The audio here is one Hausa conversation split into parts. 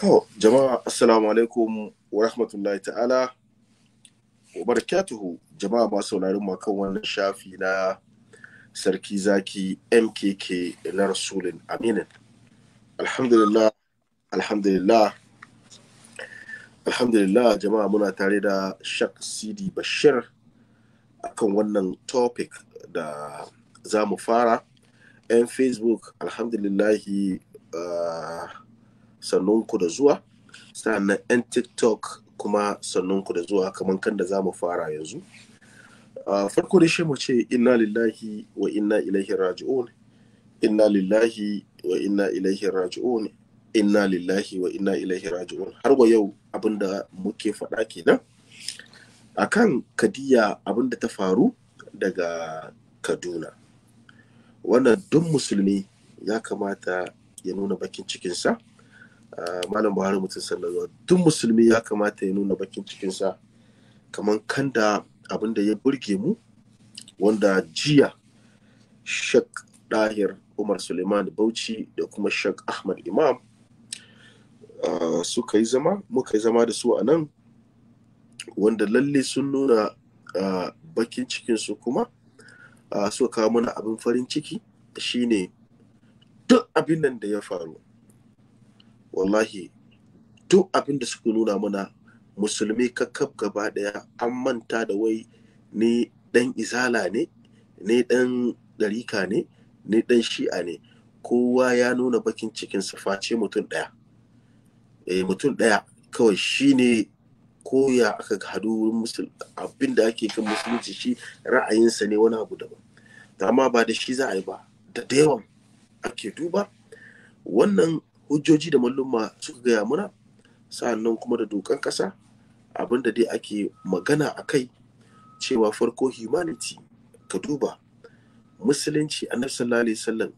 To, jama'a assalamu alaikum wa rahmatullahi ta'ala. Wa barakatuhu jama'a ba sauraron mu kan wannan shafi na Sarki Zaki MKK na Rasulun Aminin. Alhamdulillah, alhamdulillah. Alhamdulillah jama'a muna tare da Shak Sidi Bashir akan wannan topic da za mu fara. 'Yan Facebook, alhamdulillahi uh, sannunku da zuwa sannan 'yan tiktok kuma sannunku da zuwa kamar kan da za mu fara yanzu farko da shi mu ce inna lillahi wa inna ilaihi raji'un inna lillahi wa inna ilaihi raji'un inna lillahi wa inna ilaihi raji'un har wa yau abinda muke faɗa kenan akan kadiya da ta faru daga kaduna wannan duk musulmi ya kamata ya nuna bakin cikinsa Ah, malam buhari mutum sallallahu duk musulmi ya kamata ya nuna bakin cikinsa kamar Kanda da abin da ya burge mu wanda jiya shak dahir umar suleiman bauchi da kuma shak ahmad imam ah, suka yi zama muka yi zama da su a nan wanda lalle sun nuna ah, bakin cikinsu kuma suka kawo mana abin farin ciki shine duk abin nan da ya faru wallahi duk abin da suka nuna mana musulmi kakkaf gaba daya an manta da wai ni dan izala ne ni dan ɗarika ne ni dan shi'a ne kowa ya nuna bakin cikin face mutum daya eh mutum daya kawai shine koya aka hadu abin da ake kan musulunci shi ra'ayinsa ne wani abu daban amma ba da shi za a yi ba da da yawan ake duba wannan hujjoji da mallumma suka gaya muna sa'annan kuma da dokan ƙasa abinda dai ake magana a kai cewa farko humanity ka duba musulunci annabi sallallahu alaihi wasallam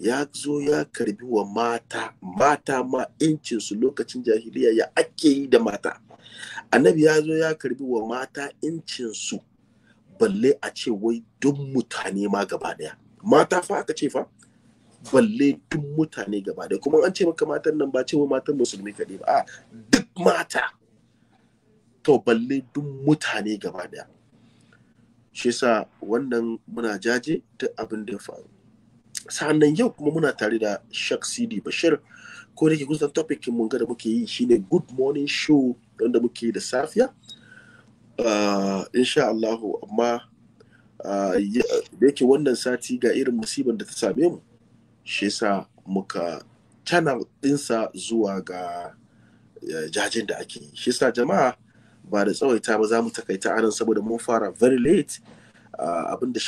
ya zo ya karbi wa mata mata ma su lokacin jahiliya ya ake yi da mata annabi ya zo ya karbi wa mata su balle a ce wai duk mutane ma gaba daya mata fa aka ce fa balle duk mutane gaba da kuma an ce maka matan nan ba ce matan musulmi kaɗai ba a duk mata to balle duk mutane gaba daya shi sa wannan muna jaje duk abin da ya faru sa'annan yau kuma muna tare da shak cd bashir ko da ke kusan topikin mun ga da muke yi shine good morning show wanda muke yi da safiya ah, insha Allahu amma ah, da yake wannan sati ga irin musibar da ta same mu shi sa muka channel ɗinsa zuwa ga eh, jajin da ake yi shi sa jama'a ba da tsawaita ba za mu takaita anan saboda mun fara very late ah, abin da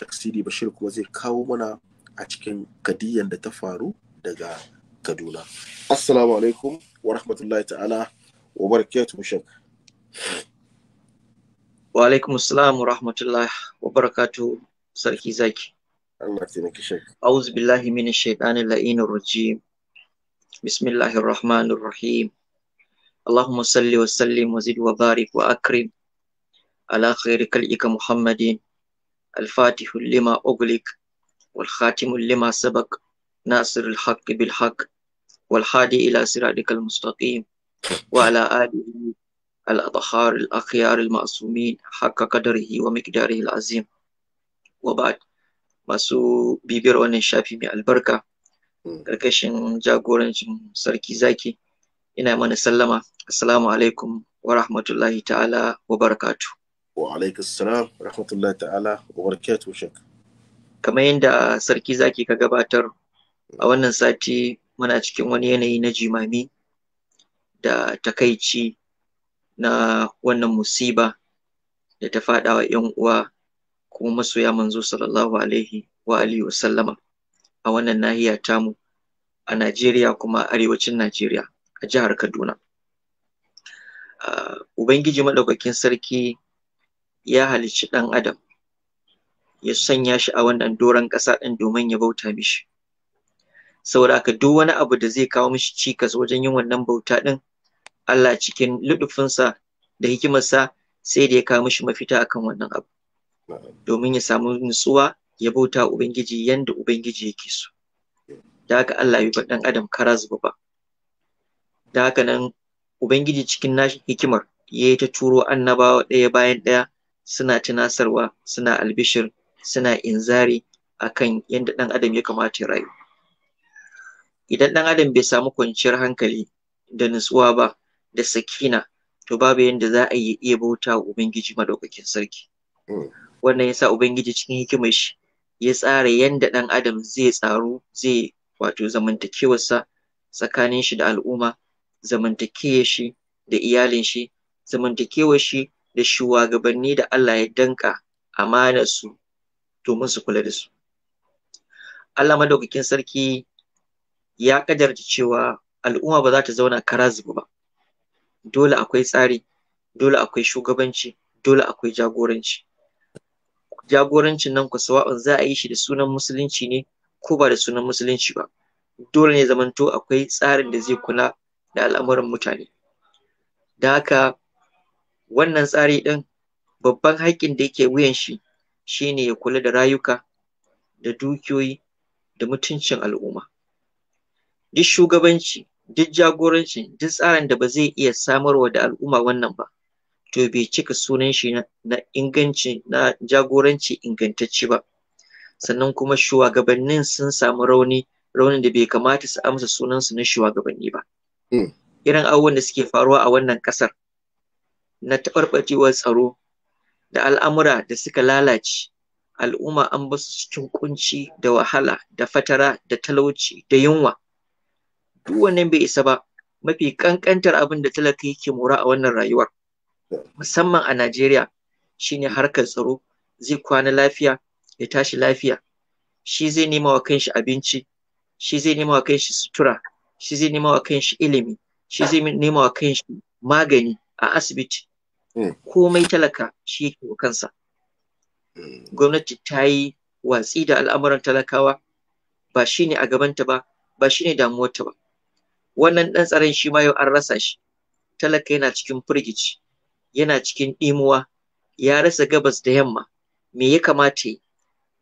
bashir kuma zai kawo mana a cikin kadiyan da ta faru daga kaduna assalamu alaikum wa rahmatullahi ta'ala wa barakatuhu shak wa alaikum assalam wa rahmatullahi wa barakatuhu sarki zaki أعوذ بالله من الشيطان اللعين الرجيم بسم الله الرحمن الرحيم اللهم صل وسلم وزد وبارك وأكرم على خير كلئك محمد الفاتح لما أغلق والخاتم لما سبق ناصر الحق بالحق والحادي إلى صراطك المستقيم وعلى آله الأطهار الأخيار المعصومين حق قدره ومقداره العظيم وبعد masu bibiyar wannan shafi mai albarka hmm. ƙarƙashin jagorancin sarki zaki ina mana sallama assalamu alaikum wa rahmatullahi ta'ala wa barakatu wa alaikassalam rahmatullahi ta'ala wa barakatu shek kamar yadda sarki zaki ka gabatar a wannan sati muna cikin wani yanayi na jimami da takaici na wannan musiba da ta faɗawa 'yan uwa kuma masoya manzo sallallahu alaihi wa alihi wa sallama a wannan nahiya tamu a Najeriya kuma arewacin Najeriya a jihar Kaduna. Ubangiji maɗaukakin sarki ya halicci ɗan Adam ya sanya shi a wannan doron ƙasa ɗin domin ya bauta mishi. Saboda duk wani abu da zai kawo mishi cikas wajen yin wannan bauta ɗin Allah cikin luɗufinsa da hikimarsa sai da ya kawo mishi mafita akan wannan abu. domin ya samu nutsuwa ya bauta ubangiji yanda ubangiji yake so da haka Allah bai faɗan adam kara zuba ba da haka nan ubangiji cikin nashi hikimar yayi ta turo annabawa ɗaya bayan ɗaya suna tunasarwa suna albishir suna inzari akan yadda ɗan adam ya kamata ya rayu idan ɗan adam bai samu kwanciyar hankali da nutsuwa ba da sakina to babu yadda za a yi iya bauta ubangiji madaukakin sarki hmm. wannan yasa ubangiji cikin hikimar shi ya tsara yanda ɗan adam zai tsaro zai wato zamantakewarsa tsakanin shi da al'umma zamantakewar shi da iyalin shi zamantakewar shi da shugabanni da Allah ya danka amanar su domin su kula da su Allah madaukakin sarki ya kadarta cewa al'umma ba za ta zauna kara ba dole akwai tsari dole akwai shugabanci dole akwai jagoranci jagorancin nan ku sawa'un za a yi shi da sunan musulunci ne ko ba da sunan musulunci ba dole ne zamanto akwai tsarin da zai kula da al'amuran mutane da haka wannan tsari ɗin babban haƙƙin da yake wuyan shi shine ya kula da rayuka da dukiyoyi da mutuncin al'umma duk shugabanci duk jagoranci duk tsarin da ba zai iya samarwa da al'umma wannan ba to bai cika sunan shi na inganci na jagoranci ingantacce ba sannan kuma shugabannin sun samu rauni raunin da bai kamata su amsa sunansu na shugabanni ba hmm. irin abubuwan da suke faruwa a wannan kasar na taɓarɓacewar tsaro da al'amura da suka lalace al'umma an ba su cikin kunci da wahala da fatara da talauci da yunwa duk wannan bai isa ba mafi kankantar abin da talaka yake mora a wannan rayuwar musamman a Najeriya shine harkar tsaro zai kwana lafiya ya tashi lafiya shi zai nema wa kanshi abinci shi zai nema wa kanshi sutura shi zai nema wa kanshi ilimi shi zai nema wa kanshi magani a asibiti hmm. komai talaka shi yake wa kansa hmm. gwamnati ta yi watsi da al'amuran talakawa ba shi ne a gabanta ba ba shi ne damuwarta ba wannan ɗan tsaron shi ma yau an rasa shi talaka yana cikin firgici yana cikin ɗimuwa ya rasa gabas da yamma me ya kamata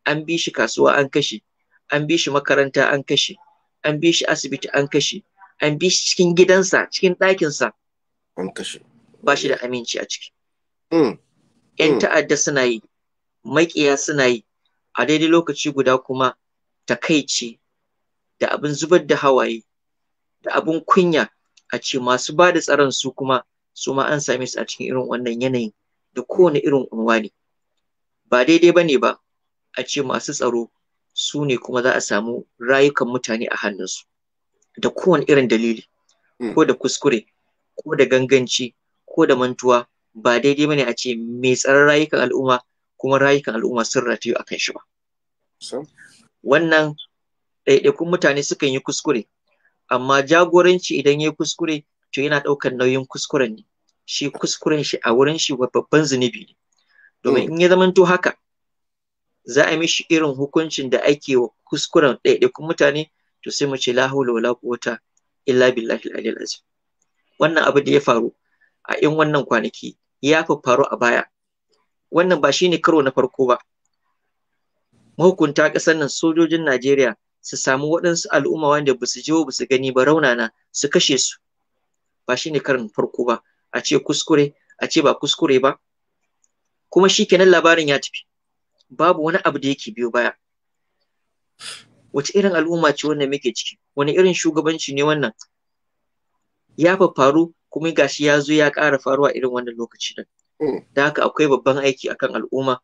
an bi shi kasuwa an kashe an bi shi makaranta an kashe an bi shi asibiti an kashe an bi shi cikin gidansa cikin ɗakinsa an kashe ba shi da aminci a ciki mm. yan mm. ta'adda suna yi maƙiya suna yi a daidai lokaci guda kuma takaici da abin zubar da hawaye da abin kunya a ce masu ba da tsaron su kuma su ma an same su a cikin irin wannan yanayin da kowane irin unwani ba daidai ba ne ba a ce masu tsaro su ne kuma za a samu rayukan mutane a hannunsu da kowane irin dalili hmm. ko da kuskure ko da ganganci ko da mantuwa ba daidai ba ne a ce mai tsaron rayukan al'umma kuma rayukan al'umma sun ratayu a kan shi ba wannan ɗaiɗaikun mutane sukan yi kuskure amma jagoranci idan ya yi kuskure to yana ɗaukar nauyin kuskuren ne shi kuskuren shi a wurin shi babban zunubi ne domin mm. in ya zamanto haka za a mishi irin hukuncin da ake wa kuskuren ɗaiɗaikun mutane to sai mu ce la haula wala quwwata illa billahi al-aliyyil azim wannan abu da ya faru a in wannan kwanaki ya fi faru a baya wannan ba shine karo na farko ba mahukunta ƙasar nan sojojin Najeriya su samu waɗansu al'umma wanda ba su jiwo ba su gani ba raunana su kashe su ba shine karin farko ba a ce kuskure a ce ba kuskure ba kuma shi shikenan labarin ya tafi babu wani abu da yake biyo baya wace irin al'umma ce wannan muke ciki wani irin shugabanci ne wannan ya faru kuma gashi ya zo ya ƙara faruwa irin wannan lokaci din mm. da haka akwai babban aiki akan al'umma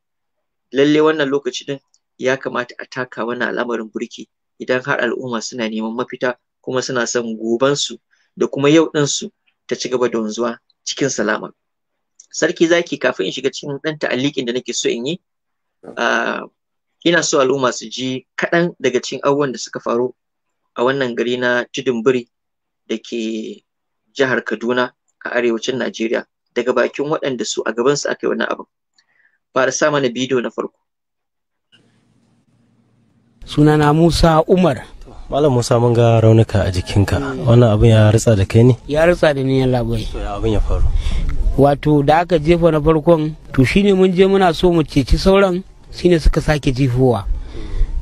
lalle wannan lokaci din ya kamata a taka wannan al'amarin burki idan har al'umma suna neman mafita kuma suna son gobansu da kuma yau ɗansu ta ci gaba da wanzuwa cikin salama. Sarki zaki kafin in shiga cikin ɗan ta'alliƙin da nake so in yi, ina so al'umma su ji kaɗan daga cikin abubuwan da suka faru a wannan gari na tudun da ke jihar Kaduna a arewacin Najeriya daga bakin waɗanda su a gabansu aka yi wani abu. Fara sa mana bidiyo na farko. Sunana Musa Umar malam musa mun ga raunuka a jikinka wannan abin ya ritsa da kai ne ya ritsa da ni yalla to abin ya faru wato da aka jefa na farkon to shine mun je muna so mu ceci sauran shine suka sake jefowa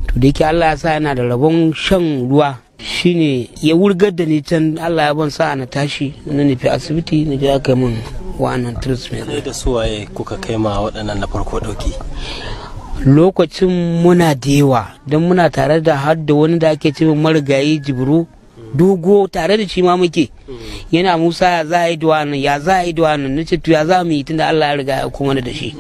to da yake Allah ya sa yana da rabon shan ruwa shine ya wurgar da ni can Allah ya ban sa na tashi na nufi asibiti na je aka min wa'annan treatment da suwaye kuka kai ma waɗannan na farko ɗauki lokacin muna da yawa don muna tare da hadda wani da ake cewa marigayi jibru dogo tare da shi ma muke yana musa ya za a yi da ya za a yi na to ya za mu yi tunda allah ya riga ya kuma da shi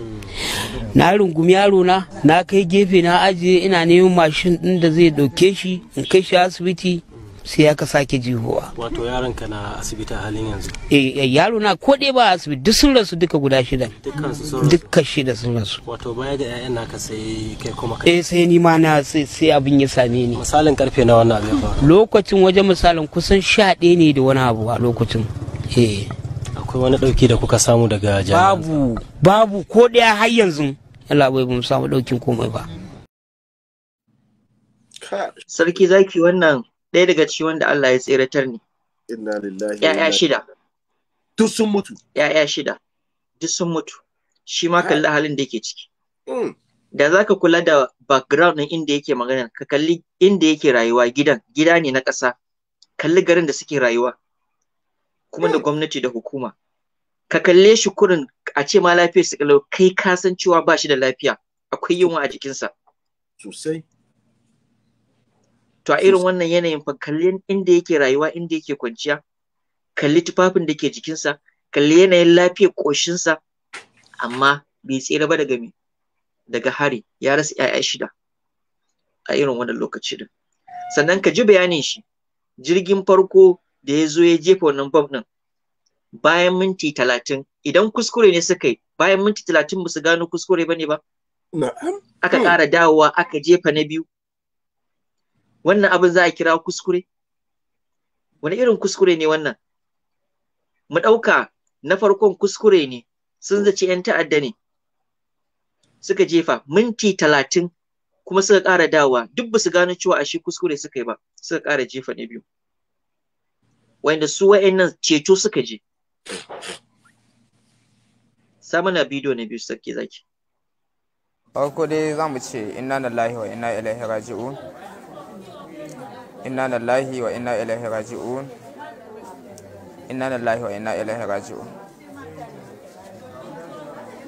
na rungumi yaro na na kai gefe na ajiye ina neman mashin din da zai dauke shi in kai shi asibiti sai aka sake jihuwa. wato yaron ka na asibiti a halin yanzu eh, eh yaro na ko dai ba asibiti duk sun rasu duka guda shida dukkan shida sun rasu wato baya ga ƴaƴan naka sai kai kuma kai eh sai ni ma na sai abin ya same ni misalin karfe na wannan abin faru lokacin wajen misalin kusan sha ɗaya ne da wani abu a lokacin eh akwai wani dauki da kuka samu daga jami'a babu babu ko daya har yanzu Allah bai mu samu daukin komai ba sarki zaki wannan ɗaya daga ci wanda Allah ya tseratar ne inna lillahi ya'ya shida duk sun mutu ya'ya shida duk sun mutu shi ma kalli halin da yake ciki hmm. da za ka kula da background ɗin inda yake magana ka kalli inda yake rayuwa gidan gida ne na ƙasa kalli garin da suke rayuwa kuma da hmm. gwamnati da hukuma ka kalle shi kurin a ce ma lafiyar su kai ka san cewa ba shi da lafiya akwai yunwa a jikinsa sosai to a irin wannan yanayin fa kalli inda yake rayuwa inda yake kwanciya kalli tufafin da ke jikinsa kalli yanayin lafiyar ƙoshinsa amma bai tsira ba daga daga hari ya rasa 'ya'ya shida a irin wannan lokaci din sannan ka ji bayanin shi jirgin farko da ya zo ya jefa wannan bam din bayan minti talatin idan kuskure ne suka yi bayan minti talatin ba su gano kuskure ba ne ba aka ƙara dawowa aka jefa na biyu wannan abin za a kira kuskure wani irin kuskure ne wannan mu ɗauka na farkon kuskure ne sun zace 'yan ta'adda ne suka jefa minti talatin kuma suka ƙara dawa duk ba su gano cewa shi kuskure suka yi ba suka ƙara jefa na biyu wanda su wa'annan ceto suka je samuna bidiyo na biyu sarki zaki farko dai za mu ce inna lillahi wa inna ilaihi raji'un inna lillahi wa inna ilaihi raji'un inna lillahi wa inna ilaihi raji'un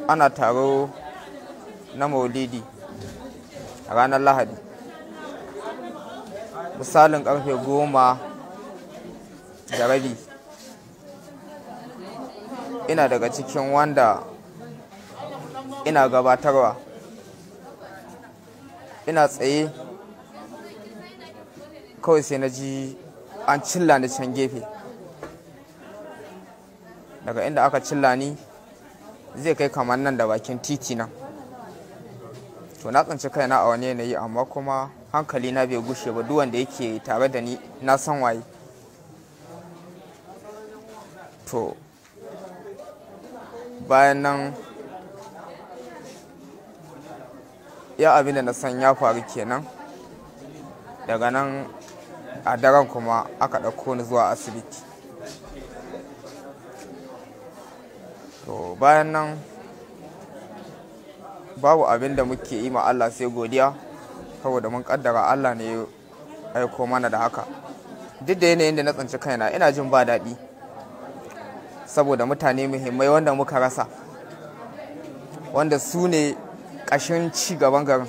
ana taro na maulidi a ranar lahadi misalin karfe goma da rabi ina daga cikin wanda ina gabatarwa ina tsaye kawai sai na ji an cilla ni can gefe daga inda aka cilla ni zai kai kamar nan da bakin titi na to na tsinci kaina a wani yanayi amma kuma hankali na bai gushe ba duk wanda yake tare da ni na san waye to bayan nan ya abin da na san ya faru kenan daga nan a daren kuma aka ɗauko ni zuwa asibiti to bayan nan babu abin da muke yi ma Allah sai godiya saboda mun kaddara Allah ne ya aiko mana da haka duk da yanayin da na tsanci kaina ina jin ba daɗi saboda mutane muhimmai wanda muka rasa wanda su ne ƙashin ci gaban garin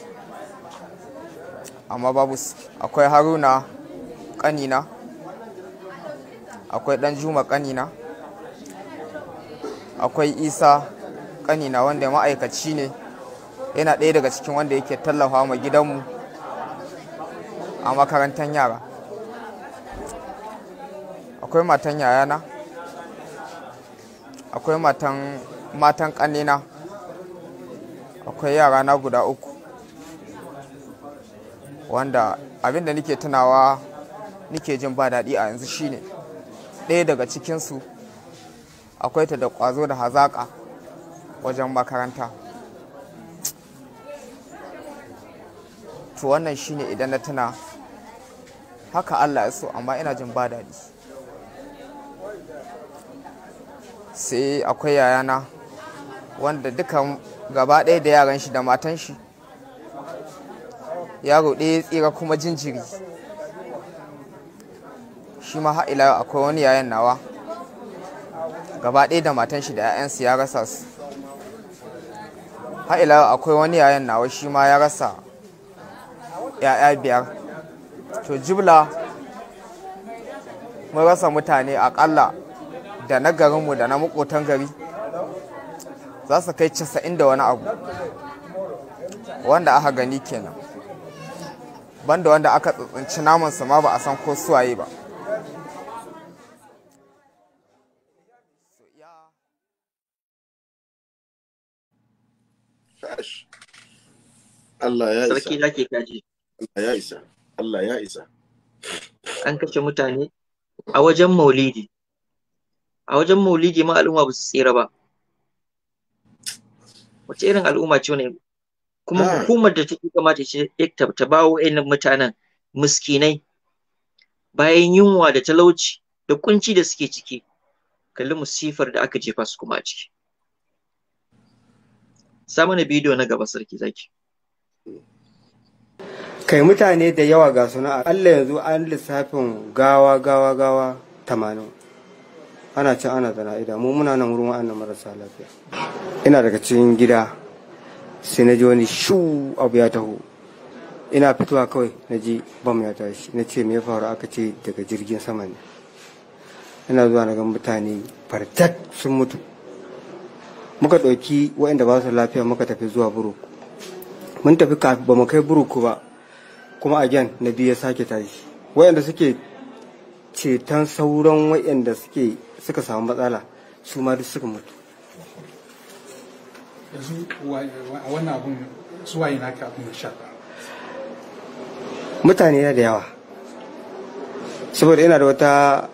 amma babu akwai haruna ƙanina akwai ɗan juma ƙanina akwai isa ƙanina wanda ma'aikaci ne yana ɗaya daga cikin wanda yake tallafa ma gidanmu a makarantar yara akwai matan yayana akwai matan matan ƙanina akwai yarana guda uku wanda abinda nake tunawa nike jin ba daɗi a yanzu shine ɗaya daga cikinsu akwai ta da ƙwazo da hazaƙa wajen makaranta to wannan shine idan na tuna haka allah ya so amma ina jin ba daɗi sai akwai yayana wanda dukan gaba ɗaya da yaran shi da matan shi yaro ɗaya tsira kuma jinjiri shi ma har ila akwai wani yayan nawa gaba ɗaya da matan shi da 'ya'yansu ya rasa su har ila akwai wani yayan nawa shi ma ya rasa 'ya'ya biyar to jibla mun rasa mutane akalla da na garinmu da na makotan gari za su kai casa'in da wani abu wanda aka gani kenan banda wanda aka tsatsinci namansa ma ba a san ko suwaye ba gashi Allah ya isa sarki zaki kaji Allah ya isa Allah ya isa an kashe mutane a wajen maulidi a wajen maulidi ma al'umma ba su tsira ba wace irin al'umma ce ne kuma ah. hukumar da take kamata ce ta ba wa'annan mutanen miskinai bayan yunwa da talauci da kunci da suke ciki kalli musifar da aka jefa su kuma ciki samu na bidiyo na gaba sarki zaki kai mutane da yawa ga suna Allah yanzu an lissafin gawa gawa gawa tamanin ana can ana ida mu muna nan wurin wa'annan marasa lafiya ina daga cikin gida sai na ji wani shu abu ya taho ina fitowa kawai na ji bam ya tashi na ce me faru aka ce daga jirgin sama ne ina zuwa na ga mutane fartat sun mutu muka ɗauki waɗanda ba su lafiya muka tafi zuwa buruk mun tafi ba mu kai buruk ba kuma again na biyu ya sake tashi waɗanda suke ceton sauran waɗanda suke suka samu matsala su ma duk suka mutu mutane su na ka da yawa saboda yana da wata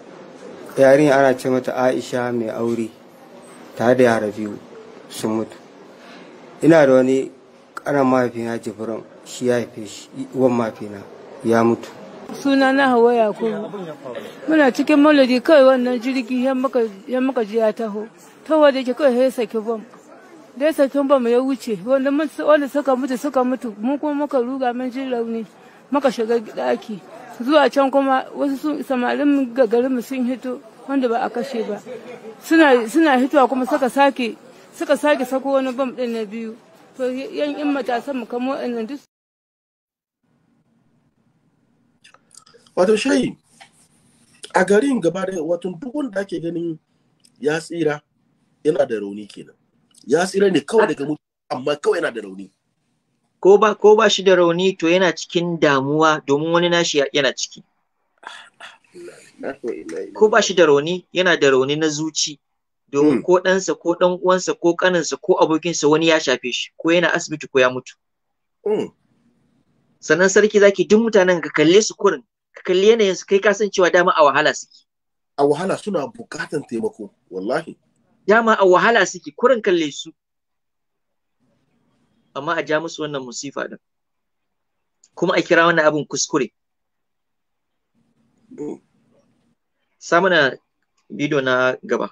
yarinya ana ce mata aisha mai aure tare da yara biyu sun mutu ina da wani ƙaran mahaifina jibirin shi ya haife shi uwan mahaifina ya mutu suna na hawa yakubu muna cikin maladi kawai wannan jirgi ya maka ji ya taho taho da ke kawai ya saki bom da ya saki bom ya wuce wanda suka mutu suka mutu mun kuma muka ruga mun ji rauni muka shiga daki zuwa can kuma wasu samarin gagarin sun hito wanda ba a kashe ba suna hitowa kuma suka sake suka sake sako wani bam ɗin na biyu to yan in matasan mu kamo wa'annan duk wato shayi a garin gaba da wato duk wanda ake ganin ya tsira yana da rauni kenan ya tsira ne kawai daga mutu amma kawai yana da rauni ko ba ko ba shi da rauni to yana cikin damuwa domin wani nashi yana ciki ah, ah, ah, ko ba shi da rauni yana da rauni na zuci domin hmm. ko ɗansa ko ɗan uwansa ko ƙaninsa ko abokinsa wani ya shafe shi ko yana asibiti ko ya mutu. Hmm. Sannan sarki zaki duk mutanen ka kalle su kurin ka kalli yanayin su kai ka san cewa dama a wahala suke. A wahala suna buƙatan taimako wallahi. Dama a wahala suke kurin kalle su. Amma a ja musu wannan musifa din. Kuma a kira wannan abin kuskure. Hmm. Samuna bidiyo na gaba.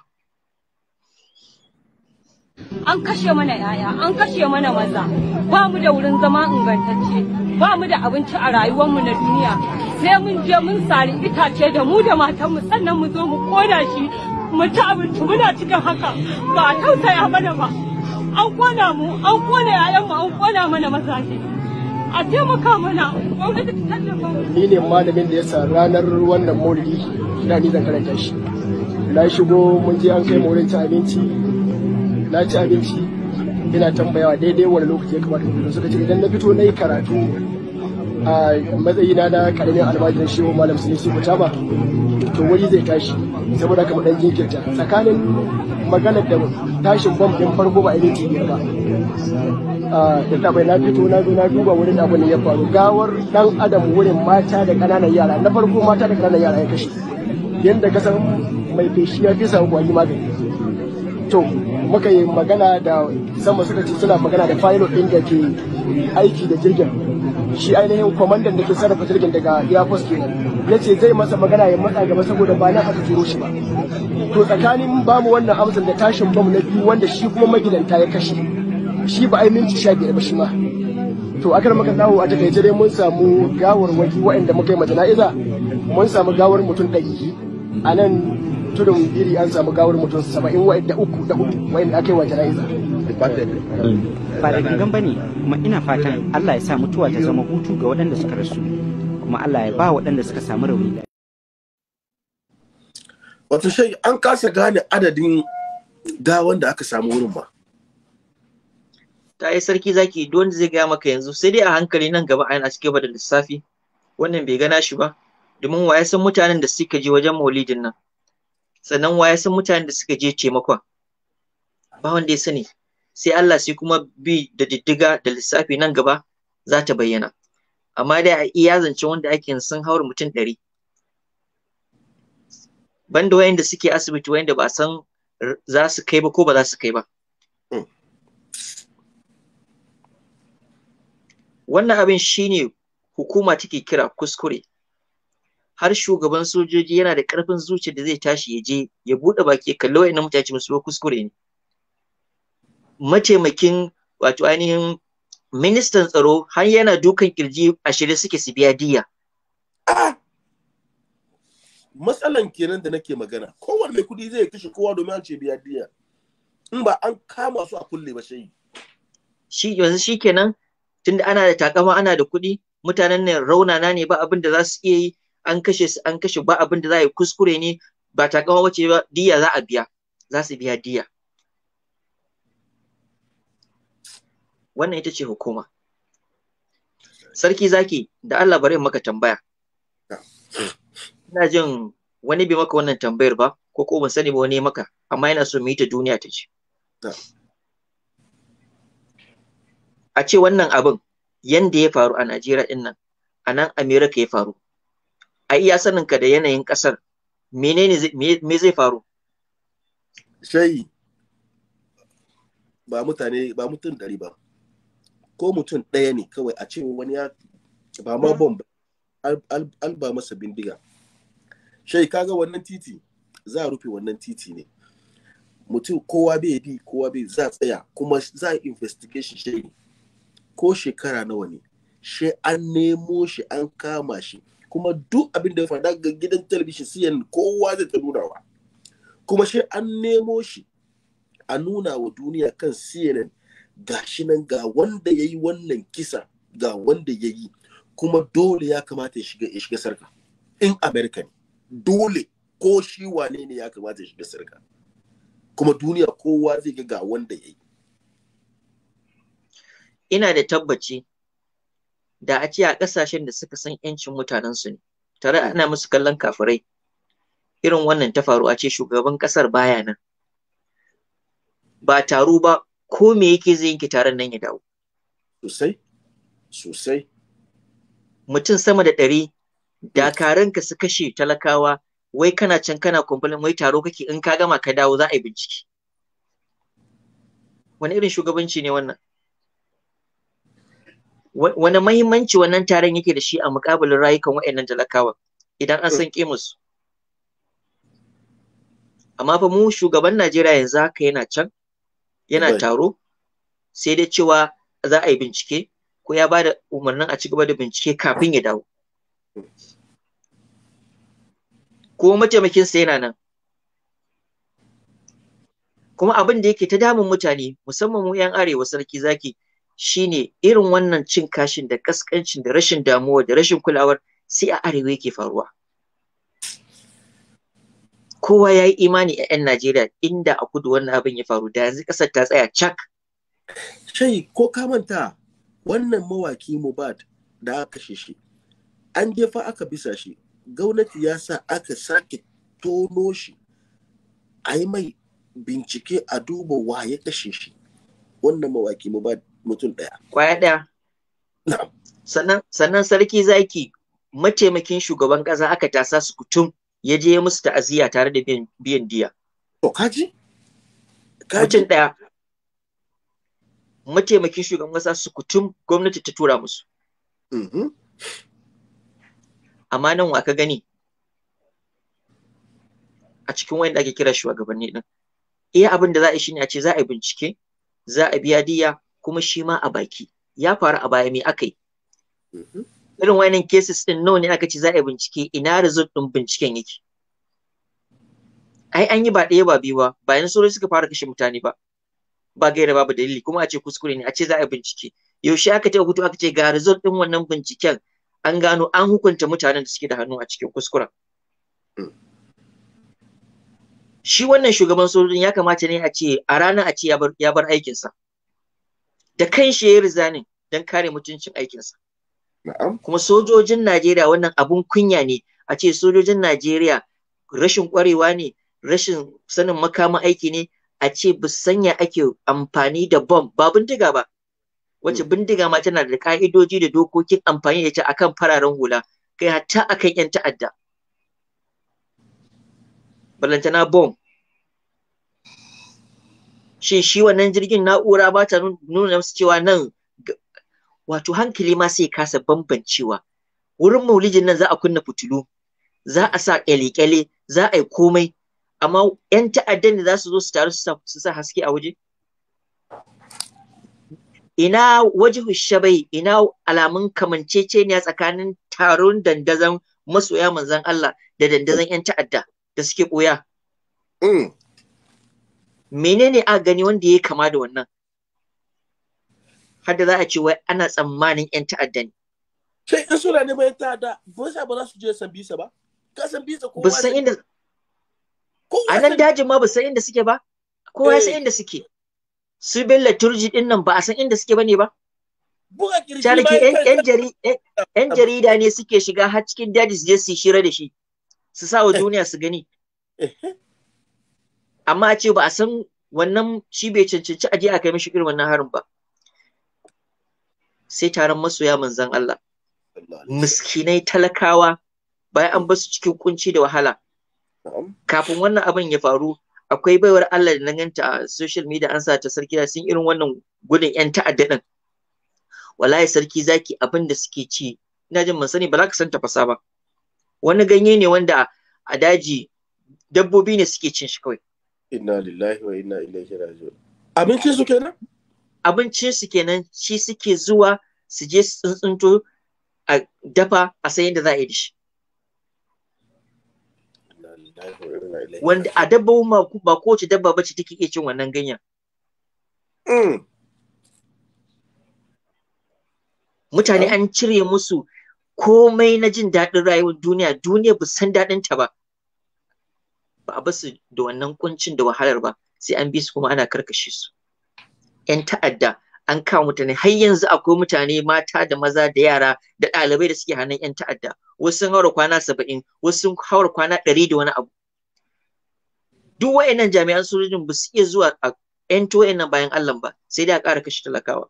an kashe mana yaya an kashe mana maza ba mu da wurin zama ingantacce ba mu da abinci a rayuwarmu na duniya sai mun je mun sari itace da mu da matanmu sannan mu zo mu koda shi mu ci abinci muna cikin haka ba a tausaya mana ba an kona mu an kona yayanmu an kona mana mazaje a taimaka mana gwamnati ta ni ne malamin da ya sa ranar wannan maulidi da ni zan karanta shi na shigo mun je an kai mu wurin ci abinci na ci abinci ina tambayawa daidai wani lokaci ya kamata mutum suka ce idan na fito na yi karatu a matsayina na karamin almajirin shehu malam sun yi kuta ba to wuri zai tashi saboda kamar dan jinkirta tsakanin maganar da tashin bom din farko ba ainihin cibiyar ba da tabai na fito na zo na duba wurin da abin ya faru gawar dan adam wurin mata da kananan yara na farko mata da kananan yara ya kashe yadda kasan mai feshi ya fi samu kwani magani to muka yi magana da sama suka ce suna magana da pilot din da ke aiki da jirgin shi ainihin kwamandan da ke sarrafa jirgin daga air force ya ce zai masa magana ya matsa gaba saboda ba na aka turo shi ba to tsakanin bamu wannan amsar da tashin bam na biyu wanda shi kuma magidanta ya kashe shi ba ai minti sha biyar ba shi ma to akar maka dawo a takaice dai mun samu gawar waki waɗanda muka yi majana'iza mun samu gawar mutum ɗari a nan tudun biri an samu gawar mutum saba'in da uku da hudu wa'inda da yi wa jana'iza ba da gangan ba ne, kuma ina fatan Allah ya sa mutuwa ta zama hutu ga waɗanda suka rasu kuma Allah ya ba waɗanda suka samu rauni wato shai an kasa gane adadin gawan da aka samu wurin ba ta yi sarki zaki duk wanda zai gaya maka yanzu sai dai a hankali nan gaba a cikin gaba da lissafi wannan bai gana shi ba domin wa ya san mutanen da suka je wajen maulidin nan sannan waya san mutanen da suka je taimakon ba wanda ya sani sai Allah sai kuma bi da diddiga da lissafi nan gaba za ta bayyana amma dai a iya zance wanda ake sun haura mutum ɗari banda wayanda suke asibiti wayanda ba san za su kai ba ko ba za su kai ba hmm. wannan abin shine hukuma take kira kuskure har shugaban sojoji yana da ƙarfin zuciya da zai tashi ya je ya buɗe baki kallo kalli wa'annan mutace musu kuskure ne mataimakin wato ainihin ministan tsaro har yana dukan kirji a shirye suke su biya diya matsalan kenan da nake magana kowane mai kuɗi zai kashe kowa domin an ce biya diya in ba an kama su a kulle ba sai shi yanzu shi kenan tunda ana da takama ana da kuɗi mutanen nan raunana ne ba abin da za su iya yi an kashe su an kashe ba abin da za a yi kuskure ne ba ta kawo wace ba diya za a biya za su biya diya wannan ita ce hukuma sarki zaki da Allah bari maka tambaya ina jin wani bai maka wannan tambayar ba ko ko ban sani ba wani maka amma yana so mu yi ta duniya ta ce a ce wannan abin yanda ya faru a Najeriya din nan a nan Amerika ya faru a iya saninka da yanayin ƙasar menene me zai faru shayi ba mutane ba mutum dari ba ko mutum ɗaya ne kawai a ce wani ya ba ma bom an ba masa bindiga shai kaga wannan titi za a rufe wannan titi ne mutum kowa bai bi kowa bai za tsaya kuma za investigation shai ko shekara nawa ne shi an nemo shi an kama shi kuma duk abin da ya faɗa ga gidan talabijin siyan kowa zai ta nunawa kuma shi an nemo shi a nuna wa duniya kan siyan ga nan ga wanda ya yi wannan kisa ga wanda ya yi kuma dole ya kamata ya shiga sarka in Amerika ne dole ko shi wane ne ya kamata ya shiga sarka kuma duniya kowa zai ga ga wanda ya yi ina da tabbaci da a ce a ƙasashen da suka san ‘yancin mutanensu ne, tare hmm. ana musu kallon kafirai. Irin wannan ta faru a ce shugaban ƙasar baya nan. Ba taro ba ko me yake zai yanke taron nan ya dawo. Sosai, sosai. Mutum sama da ɗari, hmm. dakaranka su kashe talakawa, wai kana can kana kumfulin wai taro kake in ka gama ka dawo za a yi bincike. Wani irin shugabanci ne wannan? wani mahimmanci wannan taron yake da shi a muƙabalin rayukan wa'annan talakawa idan an mm. san musu amma fa mu shugaban Najeriya yanzu haka yana can yana taro sai dai cewa za a yi bincike ko ya bada umarnin a ci gaba da bincike kafin ya dawo ko mataimakin sa yana nan kuma abin da yake ta damun mutane musamman mu 'yan arewa sarki zaki shine irin wannan cin kashin da kaskancin da rashin damuwa da rashin kulawar sai a arewa yake faruwa kowa ya yi imani a 'yan Najeriya inda a kudu wannan abin ya faru da yanzu kasar ta tsaya cak. Shai ko ka manta wannan mawaki Mubad da aka kashe shi an jefa aka bisa shi gwamnati ya sa aka sake tono shi a yi mai bincike a duba wa ya kashe shi wannan mawaki Mubad mutum ɗaya. Kwaya ɗaya. Sannan sannan sarki zaki mataimakin shugaban ƙasa aka tasa su kutum ya je ya musu ta'aziyya tare da biyan diya. To kaji? Mutum ɗaya. Mataimakin shugaban ƙasa su kutum gwamnati ta tura musu. Mm-hmm. Amma nan wa ka gani? A cikin wayan da ake kira shugabanni ɗin. Iya abin da za a yi shine a ce za a yi bincike, za a biya diya, kuma shi ma a baki ya faru a baya mai aka yi mm-hmm. irin wayannan cases din nawa ne aka ce za a yi bincike ina result din binciken yake ai an yi ba ɗaya ba biyu ba bayan sauri suka fara kashe mutane ba ba gaira babu dalili kuma a ce kuskure ne a ce za a yi bincike yaushe aka taɓa hutu aka ce ga result din wannan binciken an gano an hukunta mutanen da suke da hannu a cikin kuskuren mm. shi wannan shugaban sojojin ya kamata ne a ce a rana a ce ya bar aikinsa da kan ya yi rizanin don kare mutuncin aikinsa. Kuma sojojin Najeriya wannan abun kunya ne a ce sojojin Najeriya rashin kwarewa ne, rashin sanin makaman aiki ne a ce sanya ake amfani da bom ba bindiga ba. Wace hmm. bindiga ma tana da ka'idoji da dokokin amfani da ita akan fararen hula kai hatta akan 'yan ta'adda. Balantana bom shin shi wannan jirgin na'ura ba ta nuna musu cewa nan wato hankali ma sai kasa bambancewa wurin maulijin nan za a kunna fitilu za a sa kyale-kyale za a yi komai amma 'yan ta'addan ne za su zo su taru su sa haske a waje ina waje shabai ina alamun kamanceceniya tsakanin taron dandazon masoya manzan Allah da dandazon 'yan ta'adda da suke ɓoya. Mm. menene aka gani wanda ya kama da wannan har da za a ce wai ana tsammanin yan ta'adda ne sai in suna ne bayan ta'adda ba sa ba za su je san bisa ba ka san bisa ko ba san inda a nan dajin ma ba san inda suke ba kowa ya san eh. inda suke su bin turji din nan ba a san inda suke ba ne? ba buga yan jarida ne suke shiga har cikin daji su je su shira da shi su sa wa eh. duniya su gani eh. amma a ce ba a san wannan shi bai cancanci a je a kai mishi irin wannan harin ba sai taron masoya manzan Allah miskinai talakawa bayan an basu cikin kunci da wahala kafin wannan abin ya faru akwai baiwar Allah da na ganta a social media an sa ta sarki sun irin wannan gudun yan ta'adda din wallahi sarki zaki abin da suke ci ina jin mun sani ba za ka san tafasa ba wani ganye ne wanda a daji dabbobi ne suke cin shi kawai inna lillahi wa inna ilaihi raji'un abincin su kenan abincin su kenan shi suke zuwa su je su tsuntsunto a dafa a san da za a yi shi wanda a dabba ba kowace dabba ba bace take iya cin wannan ganyen mm. mutane an cire musu komai na jin daɗin rayuwar duniya duniya ba san daɗin ta ba ba a basu da wannan kuncin da wahalar ba sai an bi su kuma ana karkashe su yan ta'adda an kawo mutane har yanzu akwai mutane mata da maza da yara da ɗalibai da suke hannun yan ta'adda wasu sun haura kwana saba'in wasu sun haura kwana ɗari da wani abu duk wayannan jami'an sojojin ba su iya zuwa a yan bayan Allah ba sai dai a ƙara kashe talakawa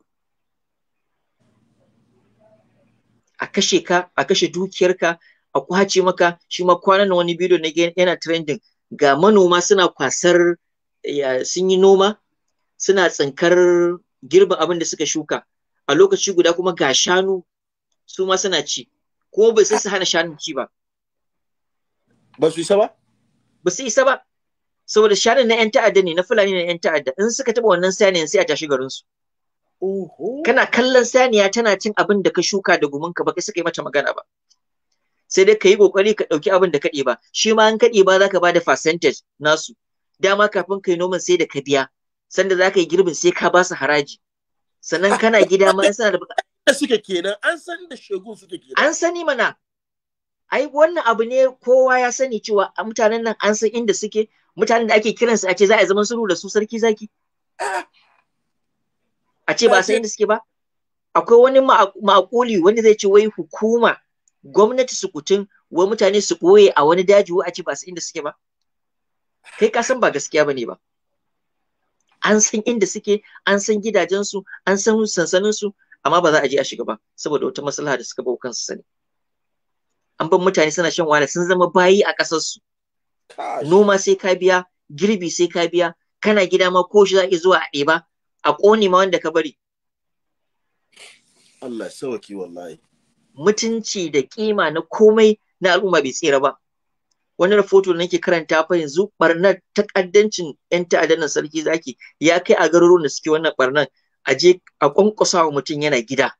a kashe ka a kashe dukiyarka a kwace maka shi ma kwanan wani bidiyo na yana trending ga manoma suna kwasar sun yi noma suna tsinkar girbin abin da suka shuka a lokaci guda kuma ga shanu su ma suna ci kuma bai su hana shanun ci ba ba su isa ba ba su isa ba saboda shanun na yan ta'adda ne na fulani na yan ta'adda in suka taba wannan saniyan sai a tashi garin su kana kallon saniya tana cin abin da ka shuka da gumin ka ba kai suka yi mata magana ba sai dai ka yi kokari ka ɗauki abin da ka ɗeba shi ma an ka ɗeba za ka ba da percentage nasu dama kafin ka yi noman sai da ka biya sanda za ka yi girbin sai ka ba su haraji sannan kana gida ma an sani da suke kenan an san da shegun suke kenan an sani mana ai wannan abu ne kowa ya sani cewa mutanen nan an san inda suke mutanen da ake kiransu a ce za a zaman sulhu da su sarki zaki a ce ba san inda suke ba akwai wani ma'akuli wanda zai ce wai hukuma gwamnati su kutun wai mutane su ɓoye a wani daji wa a ce ba su inda suke ba kai ka san ba gaskiya bane ba an san inda suke an san gidajensu an san sansaninsu amma ba za a je a shiga ba saboda wata maslaha da suka bau kansu sani an ban mutane suna shan wahala sun zama bayi a ƙasarsu noma sai ka biya girbi sai ka biya kana gida ma ko shi za a zuwa a ɗeba a ƙone ma wanda ka bari Allah sauki wallahi mutunci da kima na komai na al'umma bai tsira ba Wannan rahoto da nake karanta fa yanzu barnar takaddancin yan ta'addan sarki zaki ya kai a garuruwan da suke wannan barnar a a kwankwasa wa mutum yana gida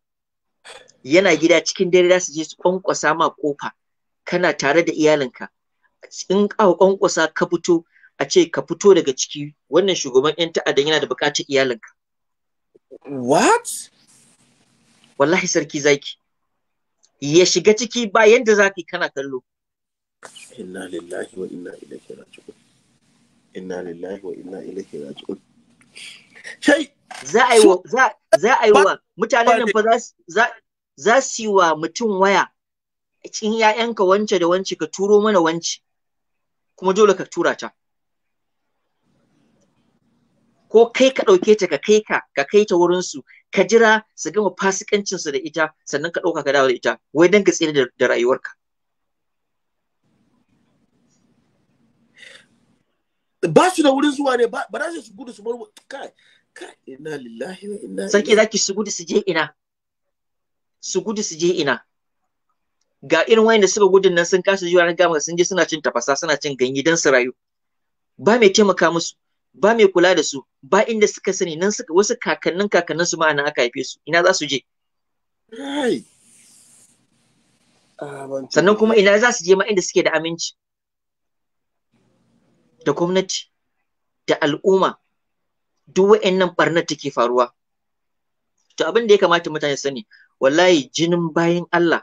yana gida cikin dare za su je su kwankwasa ma kofa kana tare da iyalinka in ka kwankwasa ka fito a ce ka fito daga ciki wannan shugaban yan ta'addan yana da bukatar iyalinka what wallahi sarki zaki ya shiga ciki ba yanda za ka kana kallo inna lillahi wa inna ilaihi raji'un inna lillahi wa inna ilaihi raji'un shai za a yi wa za a yi wa mutanen nan fa za za su yi wa mutum waya cikin 'ya'yanka wance da wance ka turo mana wance kuma dole ka tura ta ko kai ka ɗauke ta ka kai ka ka kai ta wurin su ka jira su gama fasikancin su da ita sannan ka ɗauka ka dawo da ita wai dan ka tsira da rayuwarka ba su da wurin zuwa ne ba za su gudu su bar kai kai inna lillahi wa inna sarki zaki su gudu su je ina su gudu su je ina ga irin wayanda suka gudun nan sun kasa jiwa na gama sun je suna cin tafasa suna cin ganye don su rayu ba mai taimaka musu ba mai kula da su ba inda suka sani nan suka wasu kakannin kakannin su ma aka haife su ina za su je ah, sannan kuma ina za su je ma inda suke da aminci da gwamnati da al'umma duk wa'annan barnar take faruwa to abin da ya kamata mutane sani wallahi jinin bayan Allah